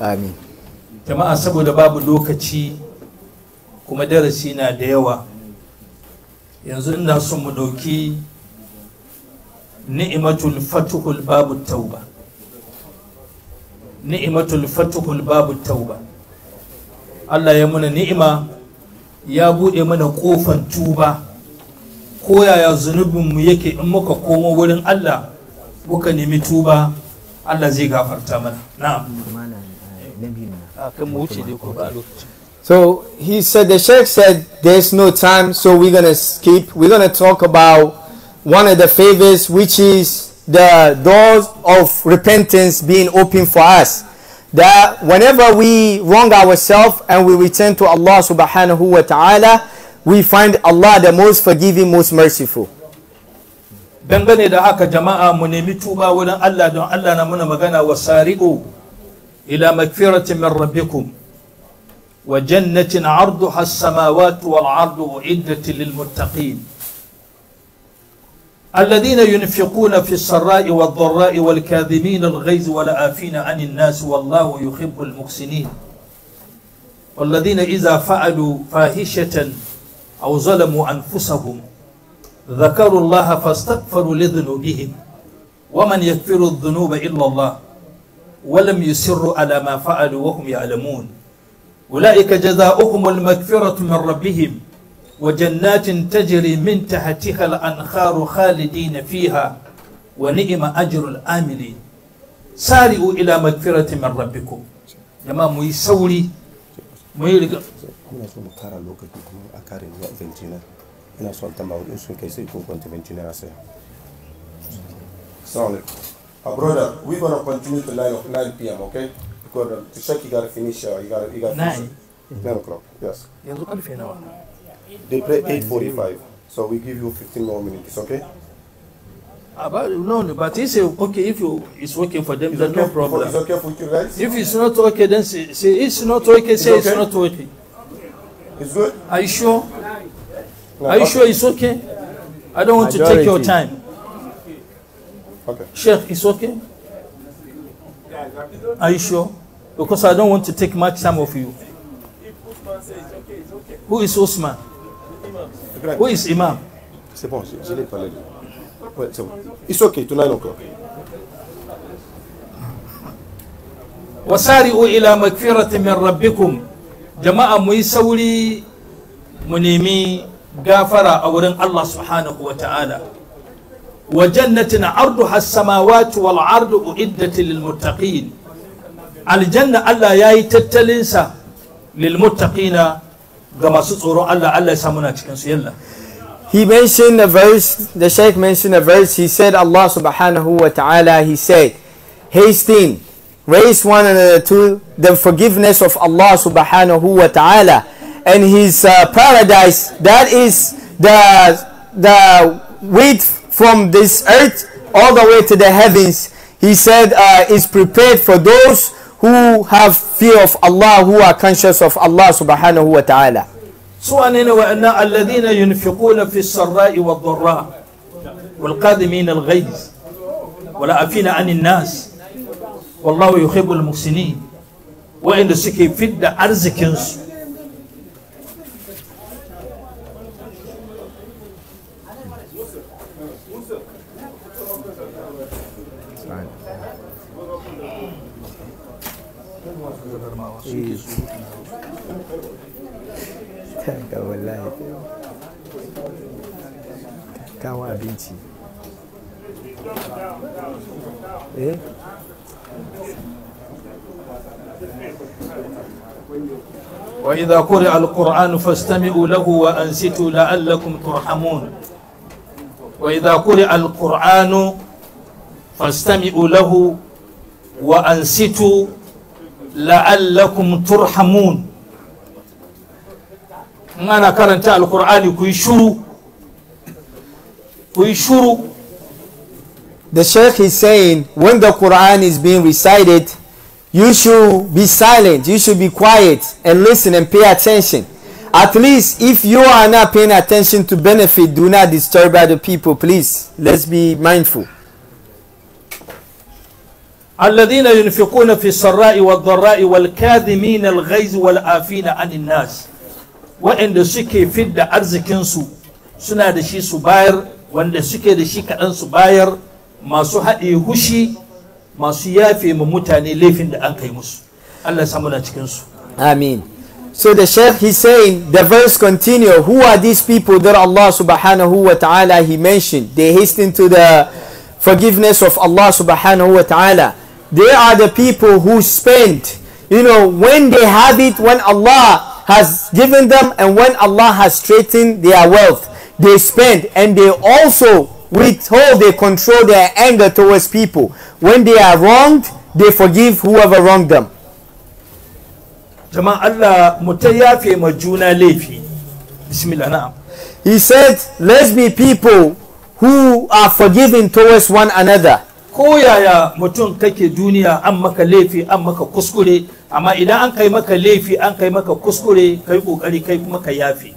amin jama'a saboda babu lokaci kuma darasi na da yawa yanzu ina son mu dauki ni'imatul fatuhul babu tauba ni'imatul fatuhul babu tauba Allah ya muna ni'ima ya buɗe mana ƙofan tuba ko yaya zunubinmu yake in muka komo wurin Allah muka nemi tuba Allah zai gafarta mana na'am Ah, so he said, the Sheikh said, there's no time, so we're going to skip. We're going to talk about one of the favors, which is the doors of repentance being open for us. That whenever we wrong ourselves and we return to Allah subhanahu wa ta'ala, we find Allah the most forgiving, most merciful. Dangane da haka jama'a mu nemi tuba wurin Allah don Allah na muna magana wa sari'u إلى مغفرة من ربكم وجنة عرضها السماوات والعرض أعدة للمتقين الذين ينفقون في السراء والضراء والكاذبين الغيظ والعافين عن الناس والله يحب المحسنين والذين إذا فعلوا فاحشة أو ظلموا أنفسهم ذكروا الله فاستغفروا لذنوبهم ومن يكفر الذنوب إلا الله ولم يسروا على ما فعلوا وهم يعلمون أولئك جزاؤهم المغفرة من ربهم وجنات تجري من تحتها الأنخار خالدين فيها ونعم أجر العاملين سارئوا إلى مغفرة من ربكم لما ميسولي ميلغا muna so mu kara lokaci kuma a kare zuwa ventina ina son ta ma'udin sun kai sai ko kwanta ventina a sai assalamu alaikum Uh, brother, we're gonna continue to 9, 9 p.m., okay? Because um, to check, you gotta finish. Uh, you gotta, you gotta. Nine. Finish. Nine o'clock. Yes. now. They play eight forty-five, so we give you fifteen more minutes, okay? About ah, no, no, but say okay if you it's working for them. It's okay, no problem. For, it's okay for you guys. If it's not okay, then say, say it's not okay. Say it's, okay? it's not working. It's good. Are you sure? No, Are you okay. sure it's okay? I don't want Majority. to take your time. Okay. Sheikh, it's okay? Are you sure? Because I don't want to take much time of you. Who is Osman? Who is Imam? C'est bon, je, l'ai parlé. Ouais, c'est bon. It's okay, to 9 o'clock. وسارعوا إلى مغفرة من ربكم جماعة مي سوري منيمي غافرة أولن الله سبحانه وتعالى وجنة عرضها السماوات والعرض أعدة للمتقين الجنة ألا ياي تتلنسا للمتقين كما سطور ألا الله تكن سيلا He mentioned a verse, the Shaykh mentioned a verse, he said Allah subhanahu wa ta'ala, he said, Hasten, raise one another to the forgiveness of Allah subhanahu wa ta'ala and his uh, paradise, that is the, the width from this earth all the way to the heavens. He said, uh, is prepared for those who have fear of Allah, who are conscious of Allah subhanahu wa ta'ala. al وأن wal ينفقون في السراء والضراء والقادمين الغيظ والعافين عن الناس والله يحب المحسنين وإن سكي فد أرزكنسو والله ايه eh? وإذا قرئ القرآن فاستمعوا له وأنصتوا لعلكم ترحمون وإذا قرئ القرآن فاستمعوا له وأنصتوا la'allakum turhamun in karanta alkur'ani ku shuru ku shuru the sheikh is saying when the quran is being recited you should be silent you should be quiet and listen and pay attention at least if you are not paying attention to benefit do not disturb other people please let's be mindful alladhina yunfiquna fi sarra'i wad dharra'i wal kadhimina al ghaiz wal afina 'anil nas wa'anda suke fidda arzikinsu suna da shi su bayar wanda suke da shi kaɗan su bayar masu haɗe hushi masu yafe ma mutane laifin da an kai musu Allah ya samu amin So the Sheikh he's saying the verse continue. Who are these people that Allah subhanahu wa ta'ala he mentioned? They hasten to the forgiveness of Allah subhanahu wa ta'ala. They are the people who spend, you know, when they have it, when Allah has given them and when Allah has straightened their wealth, they spend and they also withhold, they control their anger towards people. When they are wronged, they forgive whoever wronged them. Allah lefi. Bismillah na'am. He said, let's be people who are forgiving towards one another ko yaya mutum kake duniya an maka laifi an maka kuskure amma idan an kai maka laifi an kai maka kuskure kai kokari kai kuma ka yafi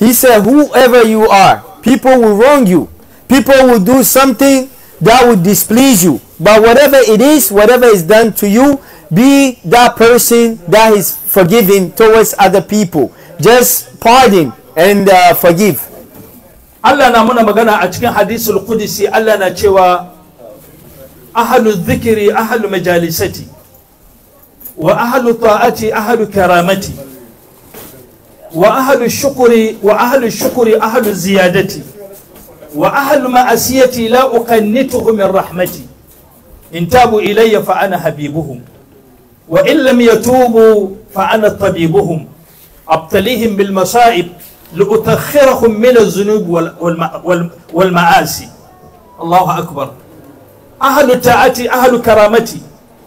he said whoever you are people will wrong you people will do something that would displease you but whatever it is whatever is done to you be that person that is forgiving towards other people just pardon and uh, forgive Allah na muna magana a cikin hadisul qudsi Allah na cewa أهل الذكر أهل مجالستي وأهل الطاعة أهل كرامتي وأهل الشكر وأهل الشكر أهل زيادتي وأهل مأسيتي لا أقنته من رحمتي إن تابوا إلي فأنا حبيبهم وإن لم يتوبوا فأنا طبيبهم أبتليهم بالمصائب لأتخرهم من الذنوب والمعاصي الله أكبر ahalu ta'ati ahalu karamati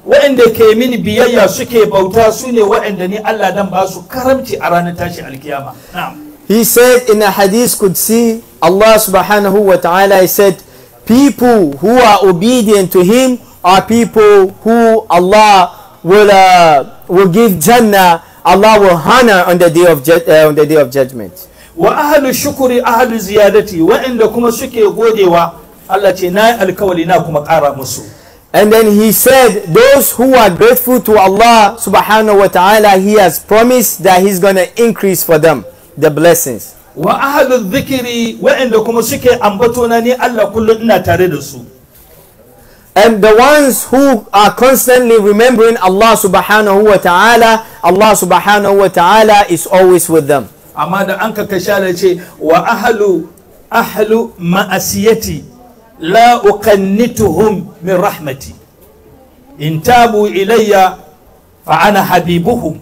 wa'anda ke mini biyayya suke bauta su ne wa'anda ni Allah dan ba su karamci a ranar tashi alkiyama he said in a hadith see Allah subhanahu wa ta'ala said people who are obedient to him are people who Allah will uh, will give jannah Allah will honor on the day of uh, on the day of judgment wa ahlu shukri ahlu ziyadati wa'anda kuma suke godewa Allah ce na alkawali na kuma ƙara musu And then he said, Those who are grateful to Allah subhanahu wa ta'ala, He has promised that He's going to increase for them the blessings. Wa kuma suke Allah ina tare da su. And the ones who are constantly remembering Allah subhanahu wa ta'ala, Allah subhanahu wa ta'ala is always with them. Amma da an ka kashala ce wa ahalu ahalu ma'asiyati la uqannituhum min rahmati in tabu ilayya fa ana habibuhum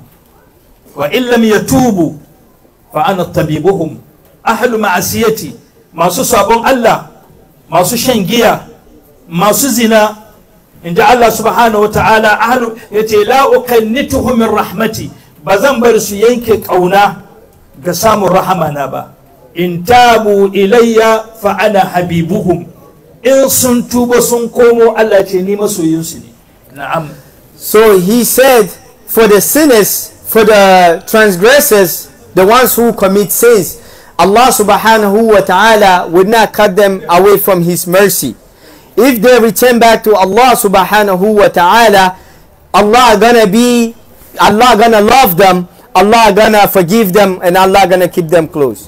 wa in lam yatubu fa ana tabibuhum ahlu ma'asiyati masu sabon Allah masu shan giya masu zina ji Allah subhanahu wata'ala ahlu yace la uqannituhum min rahmati ba zan bar su yanke kauna ga samun rahama na ba in tabu ilayya fa ana habibuhum in sun tuba sun komo Allah ce ni ne na'am so he said for the sinners for the transgressors the ones who commit sins Allah subhanahu wa ta'ala would not cut them away from his mercy if they return back to Allah subhanahu wa ta'ala Allah gonna be Allah gonna love them Allah gonna forgive them and Allah gonna keep them close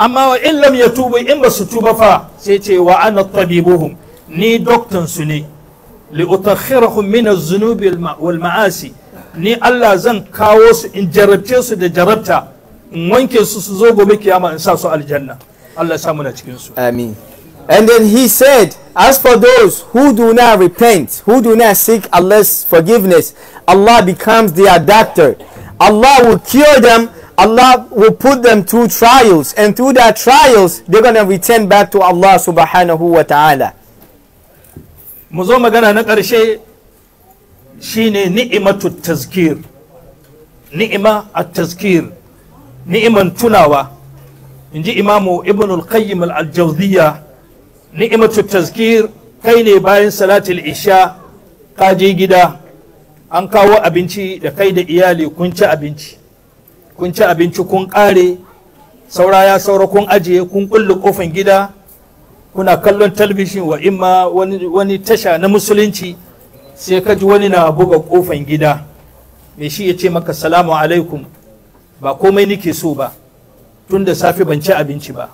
amma wa in lam yatubu in ba su tuba fa sai ce wa ana tabibuhum ni doktan su ne li utakhirahum min az-zunubi wal ma'asi ni Allah zan kawo su in jarabce su da jarabta in wanke su su zo gobe kiyama in sa su aljanna Allah ya samu na cikin su amin And then he said, As for those who do not repent, who do not seek Allah's forgiveness, Allah becomes their doctor. Allah will cure them Allah will put them through trials, and through that trials, they're going to return back to Allah subhanahu wa ta'ala. Mu zo magana na ƙarshe shine ni'imatu tazkir. Ni'ima a tazkir, ni'iman tunawa. Inji Imamu Ibn al-Qayyim al-Jawziyya, ni'imatu tazkir kai ne bayan salatul isha ka je gida an kawo abinci da kai da iyali kun ci abinci kun ci abinci kun ƙare saura ya saura kun ajiye kun kulle kofan gida kuna kallon talbishin wa imma wani, wani tasha na musulunci sai ka ji wani na buga kofan gida me shi ya ce maka salamu alaikum ba komai nike so ba tun da safe ban ci abinci ba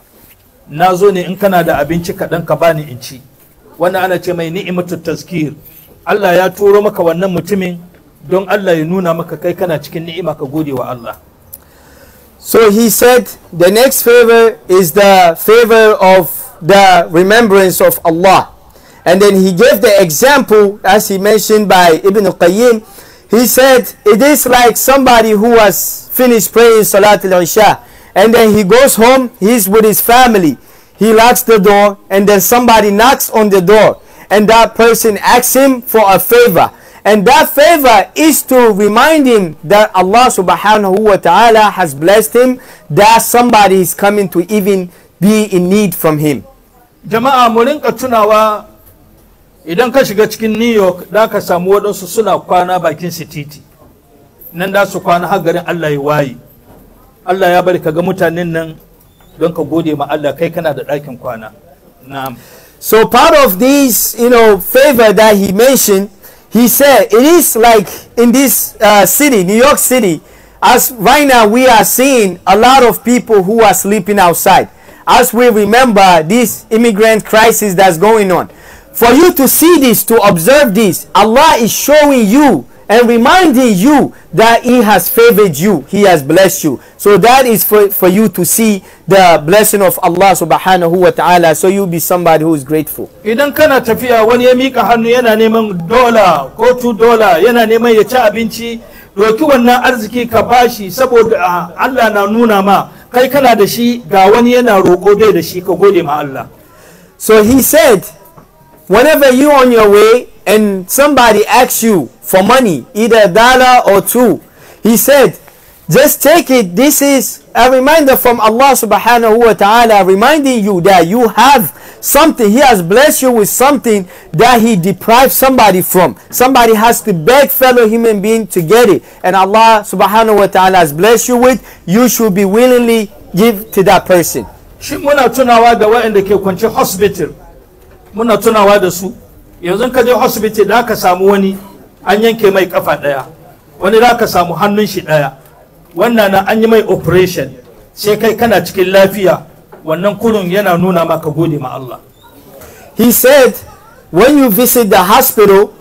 na zo ne in kana da abinci kaɗan ka bani in ci wannan ana ce mai ni'imatu tazkir Allah ya turo maka wannan mutumin don Allah ya nuna maka kai kana cikin ni'ima ka gode wa Allah So he said the next favor is the favor of the remembrance of Allah. And then he gave the example as he mentioned by Ibn Qayyim. He said it is like somebody who has finished praying Salat al-Isha and then he goes home, he's with his family. He locks the door and then somebody knocks on the door and that person asks him for a favor. And that favor is to remind him that Allah subhanahu wa ta'ala has blessed him, that somebody is coming to even be in need from him. Jama'a idan New York da kwana bakin sititi. su kwana Allah Allah ya bari mutanen nan don ka gode ma Allah kai kana da kwana. Na'am. So part of this, you know, favor that he mentioned he said, it is like in this uh, city, New York City, as right now we are seeing a lot of people who are sleeping outside. As we remember this immigrant crisis that's going on. For you to see this, to observe this, Allah is showing you and reminding you that he has favored you he has blessed you so that is for, for you to see the blessing of allah subhanahu wa ta'ala so you be somebody who is grateful idan kana tafiya wani ya mika hannu yana neman ko two yana neman ya ci abinci doki wannan arziki ka bashi saboda ah, allah na nuna ma kai kana da shi ga wani yana da shi ka gode ma allah so he said whenever you on your way and somebody asks you for money, either a dollar or two. He said, just take it. This is a reminder from Allah subhanahu wa ta'ala reminding you that you have something. He has blessed you with something that He deprived somebody from. Somebody has to beg fellow human being to get it. And Allah subhanahu wa ta'ala has blessed you with. You should be willingly give to that person. muna tunawa da ke kwanci hospital. Muna tunawa da su. Yanzu ka je hospital da ka samu wani an yanke mai kafa wani za ka samu hannun shi wannan na an yi mai operation sai kai kana cikin lafiya wannan kurun yana nuna maka gode ma Allah he said when you visit the hospital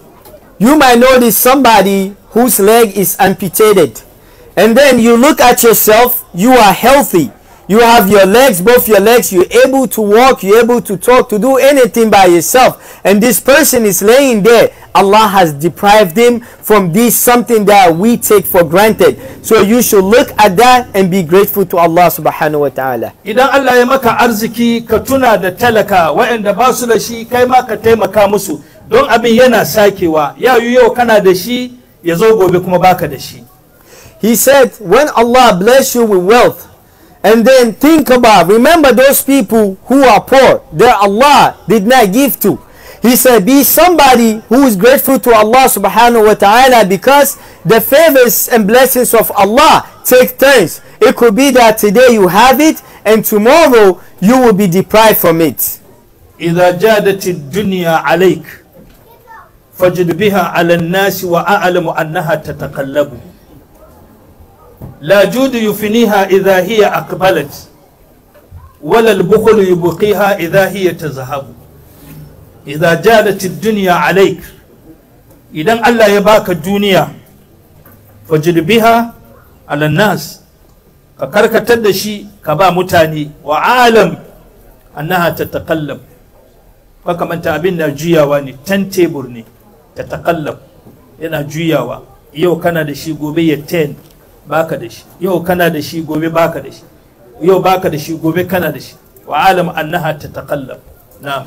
you might notice somebody whose leg is amputated and then you look at yourself you are healthy you have your legs, both your legs. You're able to walk. You're able to talk, to do anything by yourself. And this person is laying there. Allah has deprived him from this something that we take for granted. So you should look at that and be grateful to Allah subhanahu wa ta'ala. Idan Allah ya maka arziki ka tuna da talaka waɗanda ba su da shi kai ma ka taimaka musu don abin yana sakewa ya yi yau kana da shi ya zo gobe kuma baka da shi. He said when Allah bless you with wealth and then think about, remember those people who are poor, that Allah did not give to. He said, be somebody who is grateful to Allah subhanahu wa ta'ala because the favors and blessings of Allah take turns. It could be that today you have it and tomorrow you will be deprived from it. إذا جادت الدنيا عليك فجد بها على الناس وأعلم أنها تتقلب la judu yufniha idha hiya aqbalat wala al-bukhl yubqiha idha hiya tazhabu idha jalat ad-dunya alayk idan Allah ya baka duniya fajribiha ala nas ka karkatar da shi ka ba mutane wa alam annaha tatakallam ka manta abin na juyawa ne tan tebur ne takallaf. yana juyawa yau kana da shi gobe ya 10 baka da shi yau kana da shi gobe baka da shi yau baka da shi gobe kana da shi wa alam annaha tataqallab na'am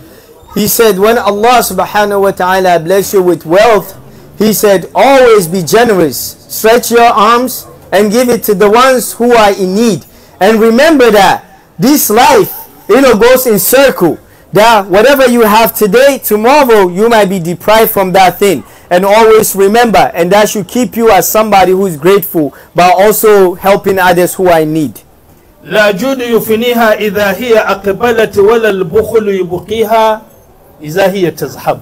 He said, when Allah subhanahu wa ta'ala bless you with wealth, He said, always be generous, stretch your arms and give it to the ones who are in need. And remember that this life, you know, goes in circle. That whatever you have today, tomorrow you might be deprived from that thing. and always remember and that should keep you as somebody who is grateful but also helping others who are in need لا جود يفنيها إذا هي أقبلت ولا البخل يبقيها إذا هي تذهب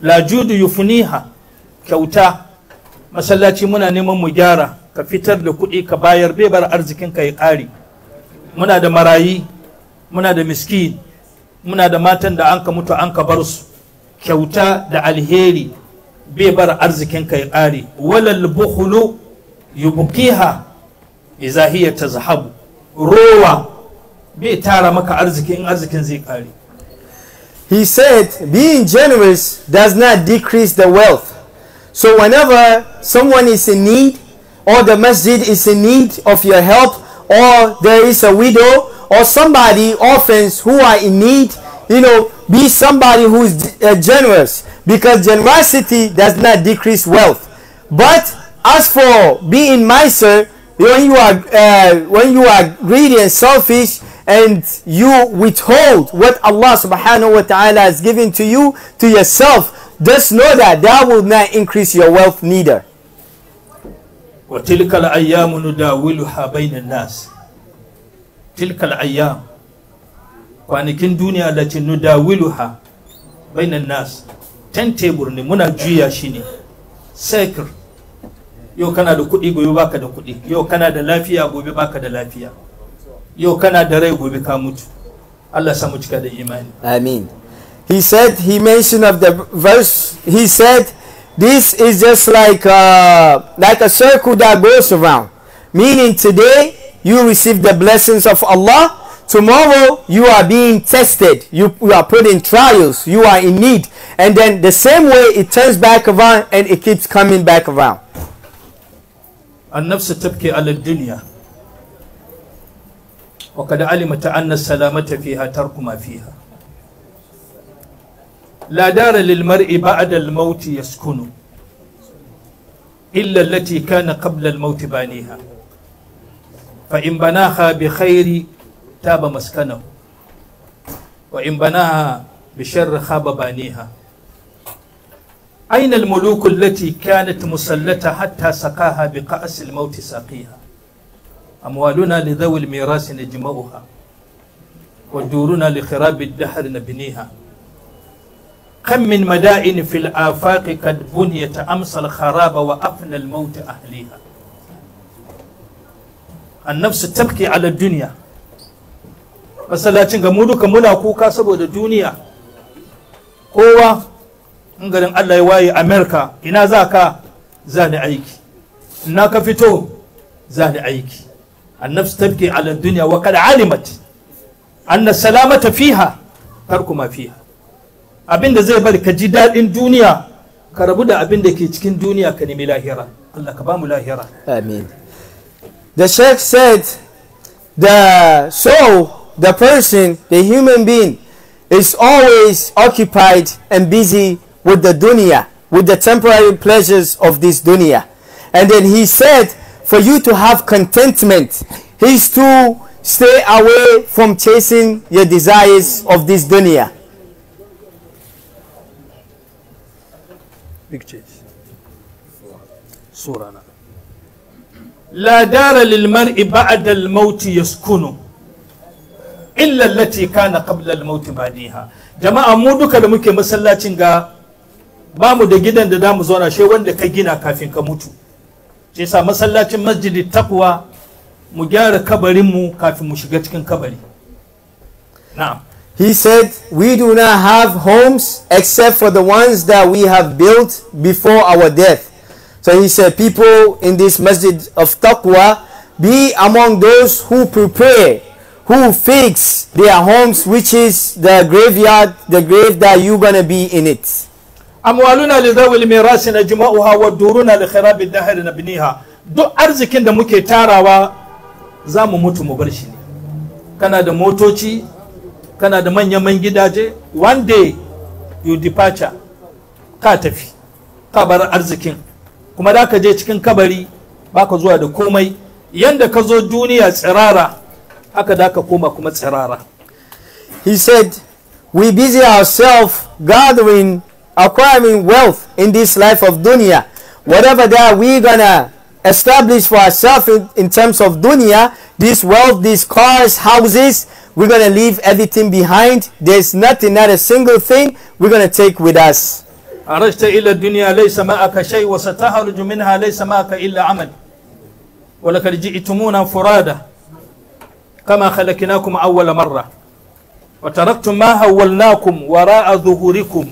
لا جود يفنيها كوتا masallaci muna neman mu gyara ka fitar da kuɗi ka bayar bai bar arzikin ka ya ƙare muna da marayi muna da miskin muna da matan da an ka mutu an ka bar su kyauta da alheri bai bar arzikin kai ƙare walal bukhulu yubqiha idza hiya tazhabu rowa bai tara maka arzikin arzikin zai ƙare he said being generous does not decrease the wealth so whenever someone is in need or the masjid is in need of your help or there is a widow or somebody orphans who are in need you know be somebody who is uh, generous because generosity does not decrease wealth. But as for being miser, when you are uh, when you are greedy and selfish and you withhold what Allah subhanahu wa ta'ala has given to you to yourself, just know that that will not increase your wealth neither. duniya da bainan ten tebur ne muna juya shi ne cycle yau kana da kuɗi gobe baka da kuɗi yau kana da lafiya gobe baka da lafiya yau kana da rai gobe ka mutu Allah samu cika da imani amin he said he mentioned of the verse he said this is just like a, uh, like a circle that goes around meaning today you receive the blessings of Allah Tomorrow you are being tested. You, you are put in trials. You are in need. And then the same way it turns back around and it keeps coming back around. النفس تبكي على الدنيا وقد علمت أن السلامة فيها ترك ما فيها لا دار للمرء بعد الموت يسكن إلا التي كان قبل الموت بانيها فإن بناها بخير تاب مسكنه وإن بناها بشر خاب بانيها أين الملوك التي كانت مسلتة حتى سقاها بقأس الموت ساقيها أموالنا لذوي الميراث نجمعها ودورنا لخراب الدهر نبنيها كم من مدائن في الآفاق قد بنيت أمس الخراب وأفنى الموت أهليها النفس تبكي على الدنيا masallacin ga mu duka muna kuka saboda duniya kowa in garin allah ya waye amerika ina za ka za ni aiki ina ka fito za ni aiki annabsu tabki ala dunya wa kad alimat anna salamata fiha tarku ma fiha abin da zai bari ka ji daɗin duniya ka rabu da abin da ke cikin duniya ka nemi lahira Allah ka bamu lahira amin the sheikh said the soul the person, the human being, is always occupied and busy with the dunya, with the temporary pleasures of this dunya. And then he said, for you to have contentment, is to stay away from chasing your desires of this dunya. Big chase. Surah. لا دار للمرء al الموت yaskunu illa allati kana qabla al-maut badiha jama'a mu duka da muke masallacin ga ba mu da gidan da zamu zauna shi wanda ka gina kafin ka mutu shi yasa masallacin masjidi taqwa mu gyara kabarin mu kafin mu shiga cikin kabari na'am He said, We do not have homes except for the ones that we have built before our death. So he said, People in this masjid of taqwa, be among those who prepare who fix their homes which is the graveyard the grave that you gonna be in it amwaluna li dhawil mirasi najma'uha wa duruna li khirab ad-dahr nabniha duk arzikin da muke tarawa za mu mutu mu bar shi kana da motoci kana da manyan gidaje one day you departure ka tafi ka bar arzikin kuma da ka je cikin kabari baka zuwa da komai yanda ka zo duniya tsirara haka da koma kuma tsirara he said we busy ourselves gathering acquiring wealth in this life of dunya whatever that we gonna establish for ourselves in, in terms of dunya this wealth these cars houses we're gonna leave everything behind there's nothing not a single thing we're gonna take with us عرجت إلى الدنيا ليس معك شيء وستخرج منها ليس معك إلا عمل ولقد جئتمونا فرادا كما خلقناكم أول مرة وتركتم ما هولناكم وراء ظهوركم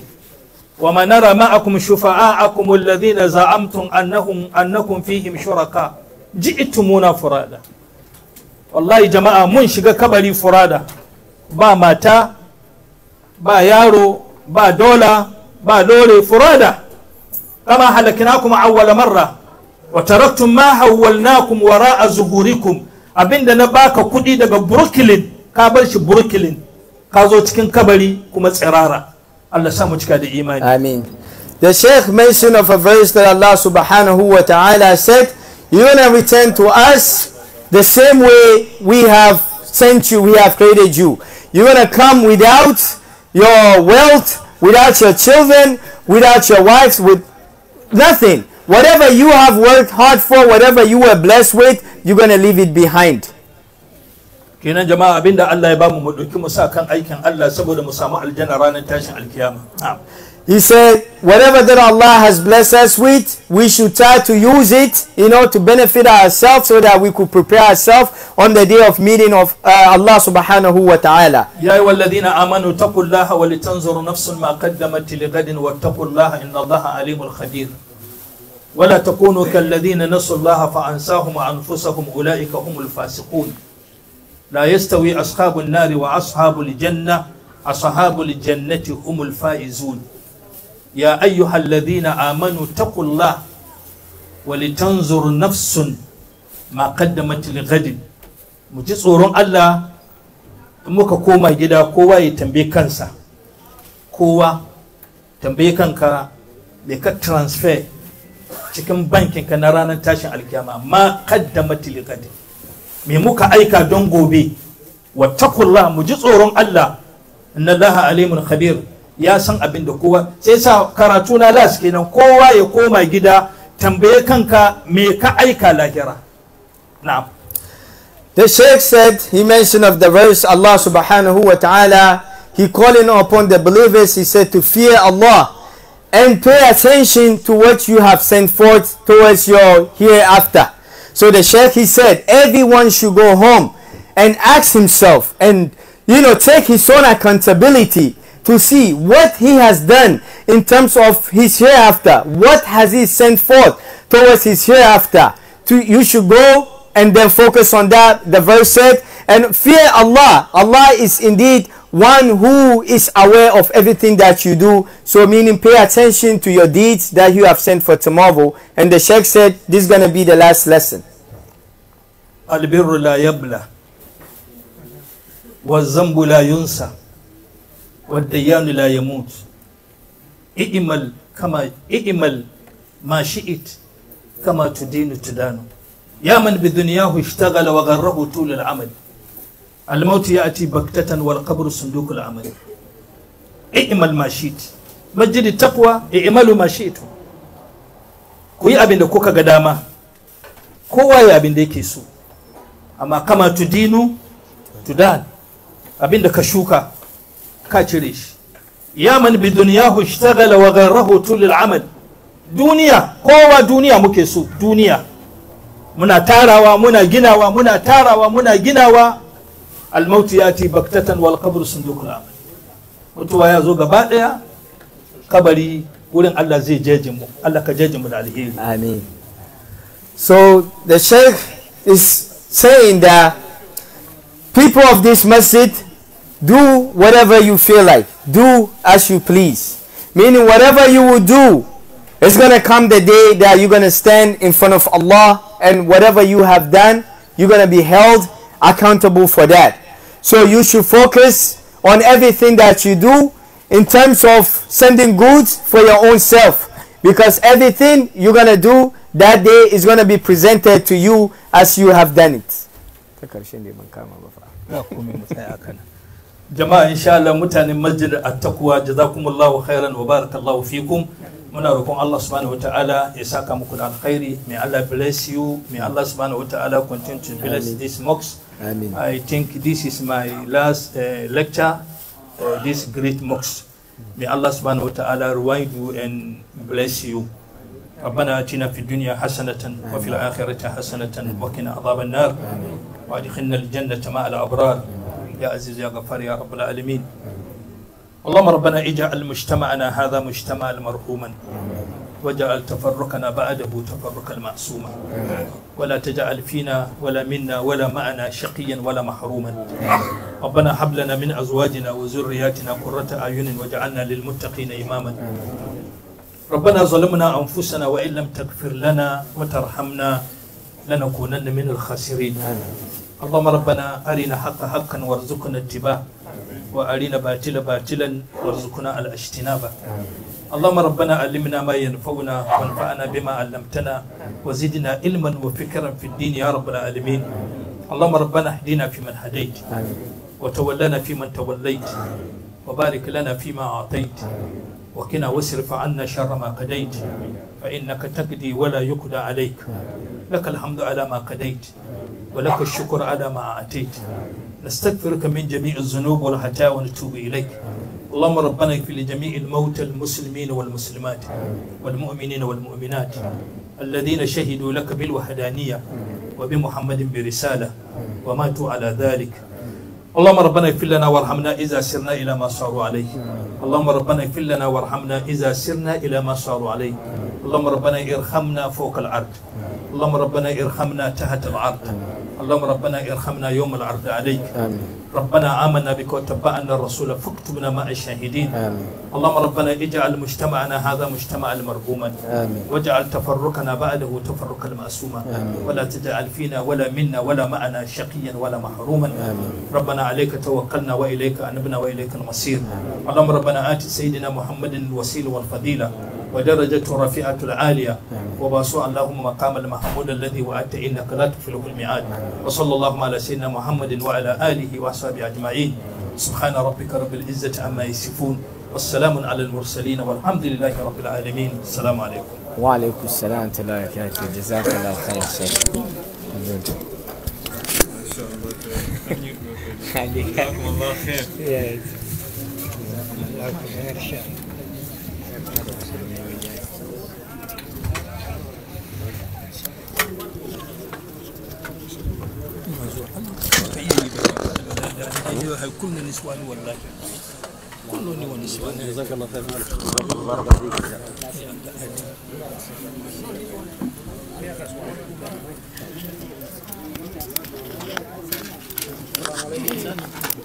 وما نرى معكم شفعاءكم الذين زعمتم أنهم أنكم فيهم شركاء جئتمونا فرادا والله جماعة من شق كبري فرادا با ماتا با يارو با دولا با دولي فرادا كما هلكناكم أول مرة وتركتم ما هولناكم وراء ظهوركم abinda na baka kuɗi daga brooklyn ka bar shi brooklyn ka zo cikin kabari kuma tsirara allah sa mu cika da imani amin the sheikh mentioned of a verse that allah subhanahu wa ta'ala said you will return to us the same way we have sent you we have created you you will come without your wealth without your children without your wives with nothing whatever you have worked hard for whatever you were blessed with you're going to leave it behind kenan jama'a abinda Allah ya bamu mu dauki mu sa kan aikin Allah saboda mu samu aljanna ranar tashin alkiyama He said, whatever that Allah has blessed us with, we should try to use it, you know, to benefit ourselves so that we could prepare ourselves on the day of meeting of uh, Allah subhanahu wa ta'ala. Ya ayyuha alladhina amanu taqullaha wa litanzuru nafsun ma wa lighadin wattaqullaha inna Allaha alimul khadir ولا تكونوا كالذين نسوا الله فأنساهم أنفسهم أولئك هم الفاسقون لا يستوي أصحاب النار وأصحاب الجنة أصحاب الجنة هم الفائزون يا أيها الذين آمنوا اتقوا الله ولتنظر نفس ما قدمت لغد مجسور الله muka koma gida kowa ya tambaye kansa kowa tambaye kanka me ka transfer cikin bankin ka na ranar tashin alkiyama ma qaddamat liqad me muka aika don gobe wa muji mu ji tsoron Allah inna laha alimul khabir ya san abin da kowa sai sa karatu na las kenan kowa ya koma gida tambaye kanka me ka aika lahira na'am The Sheikh said he mentioned of the verse Allah subhanahu wa ta'ala he calling upon the believers he said to fear Allah and pay attention to what you have sent forth towards your hereafter. So the Sheikh he said, everyone should go home and ask himself and you know take his own accountability to see what he has done in terms of his hereafter. What has he sent forth towards his hereafter? To, you should go and then focus on that. The verse said, and fear Allah. Allah is indeed one who is aware of everything that you do. So meaning pay attention to your deeds that you have sent for tomorrow. And the Sheikh said this is going to be the last lesson. البر لا يبلى والذنب لا ينسى والديان لا يموت almauti ya ati baktatan wal qabru sundukul amali i'mal ma shit majidi taqwa i'malu ma shit ku yi kuka ga dama kowa ya abin da yake so amma kama tudinu tudan abin da ka shuka ka cire shi ya man bi dunyahu ishtagala wa gharahu tul al duniya kowa duniya muke so duniya muna tarawa muna ginawa muna tarawa muna ginawa الموت ياتي بكتة والقبر صندوق الامل mutuwa ya zo gaba Allah zai jeje mu Allah ka jeje so the sheikh is saying that people of this masjid do whatever you feel like do as you please meaning whatever you will do it's gonna come the day that you're gonna stand in front of Allah and whatever you have done you're gonna be held accountable for that so you should focus on everything that you do in terms of sending goods for your own self. Because everything you're going to do that day is going to be presented to you as you have done it. jama'a insha Allah mutanen masjid at-taqwa jazakumullahu khairan wa barakallahu fikum muna roƙon Allah subhanahu ta'ala ya saka muku da alkhairi may Allah bless you may Allah subhanahu ta'ala continue to bless this mosque Amen. I think this is my last uh, lecture, uh, this great mosque. May Allah subhanahu wa ta'ala reward you and bless you. ربنا اتنا في الدنيا حسنة وفي الآخرة حسنة وقنا عذاب النار وادخلنا الجنة مع الأبرار يا عزيز يا غفار يا رب العالمين اللهم ربنا اجعل مجتمعنا هذا مجتمع مرحوما وجعل تفرقنا بعده تفرقا معصوما ولا تجعل فينا ولا منا ولا معنا شقيا ولا محروما ربنا هب لنا من ازواجنا وذرياتنا قرة اعين وجعلنا للمتقين اماما ربنا ظلمنا انفسنا وان لم تغفر لنا وترحمنا لنكونن من الخاسرين اللهم ربنا ارنا حق حقا وارزقنا اتباعه وارنا باطلا باطلا وارزقنا الاجتناب اللهم ربنا علمنا ما ينفعنا وانفعنا بما علمتنا وزدنا علما وفكرا في الدين يا رب العالمين اللهم ربنا اهدنا فيمن هديت وتولنا فيمن توليت وبارك لنا فيما اعطيت وقنا واصرف عنا شر ما قديت فانك تقضي ولا يقضى عليك لك الحمد على ما قديت ولك الشكر على ما اتيت نستغفرك من جميع الذنوب والخطايا ونتوب اليك اللهم ربنا اغفر لجميع الموتى المسلمين والمسلمات والمؤمنين والمؤمنات الذين شهدوا لك بالوحدانية وبمحمد برسالة وماتوا على ذلك اللهم ربنا اغفر لنا وارحمنا إذا سرنا إلى ما صاروا عليه اللهم ربنا اغفر لنا وارحمنا إذا سرنا إلى ما صاروا عليه اللهم ربنا ارحمنا فوق العرض اللهم ربنا ارحمنا تحت العرض اللهم ربنا ارحمنا يوم العرض عليك آمين. ربنا آمنا بك واتبعنا الرسول فاكتبنا مع الشاهدين آمين. اللهم ربنا اجعل مجتمعنا هذا مجتمعا مرحوما واجعل تفرقنا بعده تفرقا معصوما ولا تجعل فينا ولا منا ولا معنا شقيا ولا محروما آمين. ربنا عليك توكلنا وإليك أنبنا وإليك المصير آمين. اللهم ربنا آت سيدنا محمد الوسيل والفضيلة ودرجته رفيعة العالية وباسوا اللهم مقام المحمود الذي وأتى إنك لا تفلح المعاد وصلى اللهم على سيدنا محمد وعلى آله وصحبه والأصحاب أجمعين سبحان ربك رب العزة عما يصفون والسلام على المرسلين والحمد لله رب العالمين السلام عليكم وعليكم السلام ورحمة الله وبركاته جزاك الله خير شيخ جزاكم الله خير جزاكم الله خير ايوه هيكلنا نسوان والله كلهم ونسوان جزاك الله خير جزاك الله بارك فيك السلام عليكم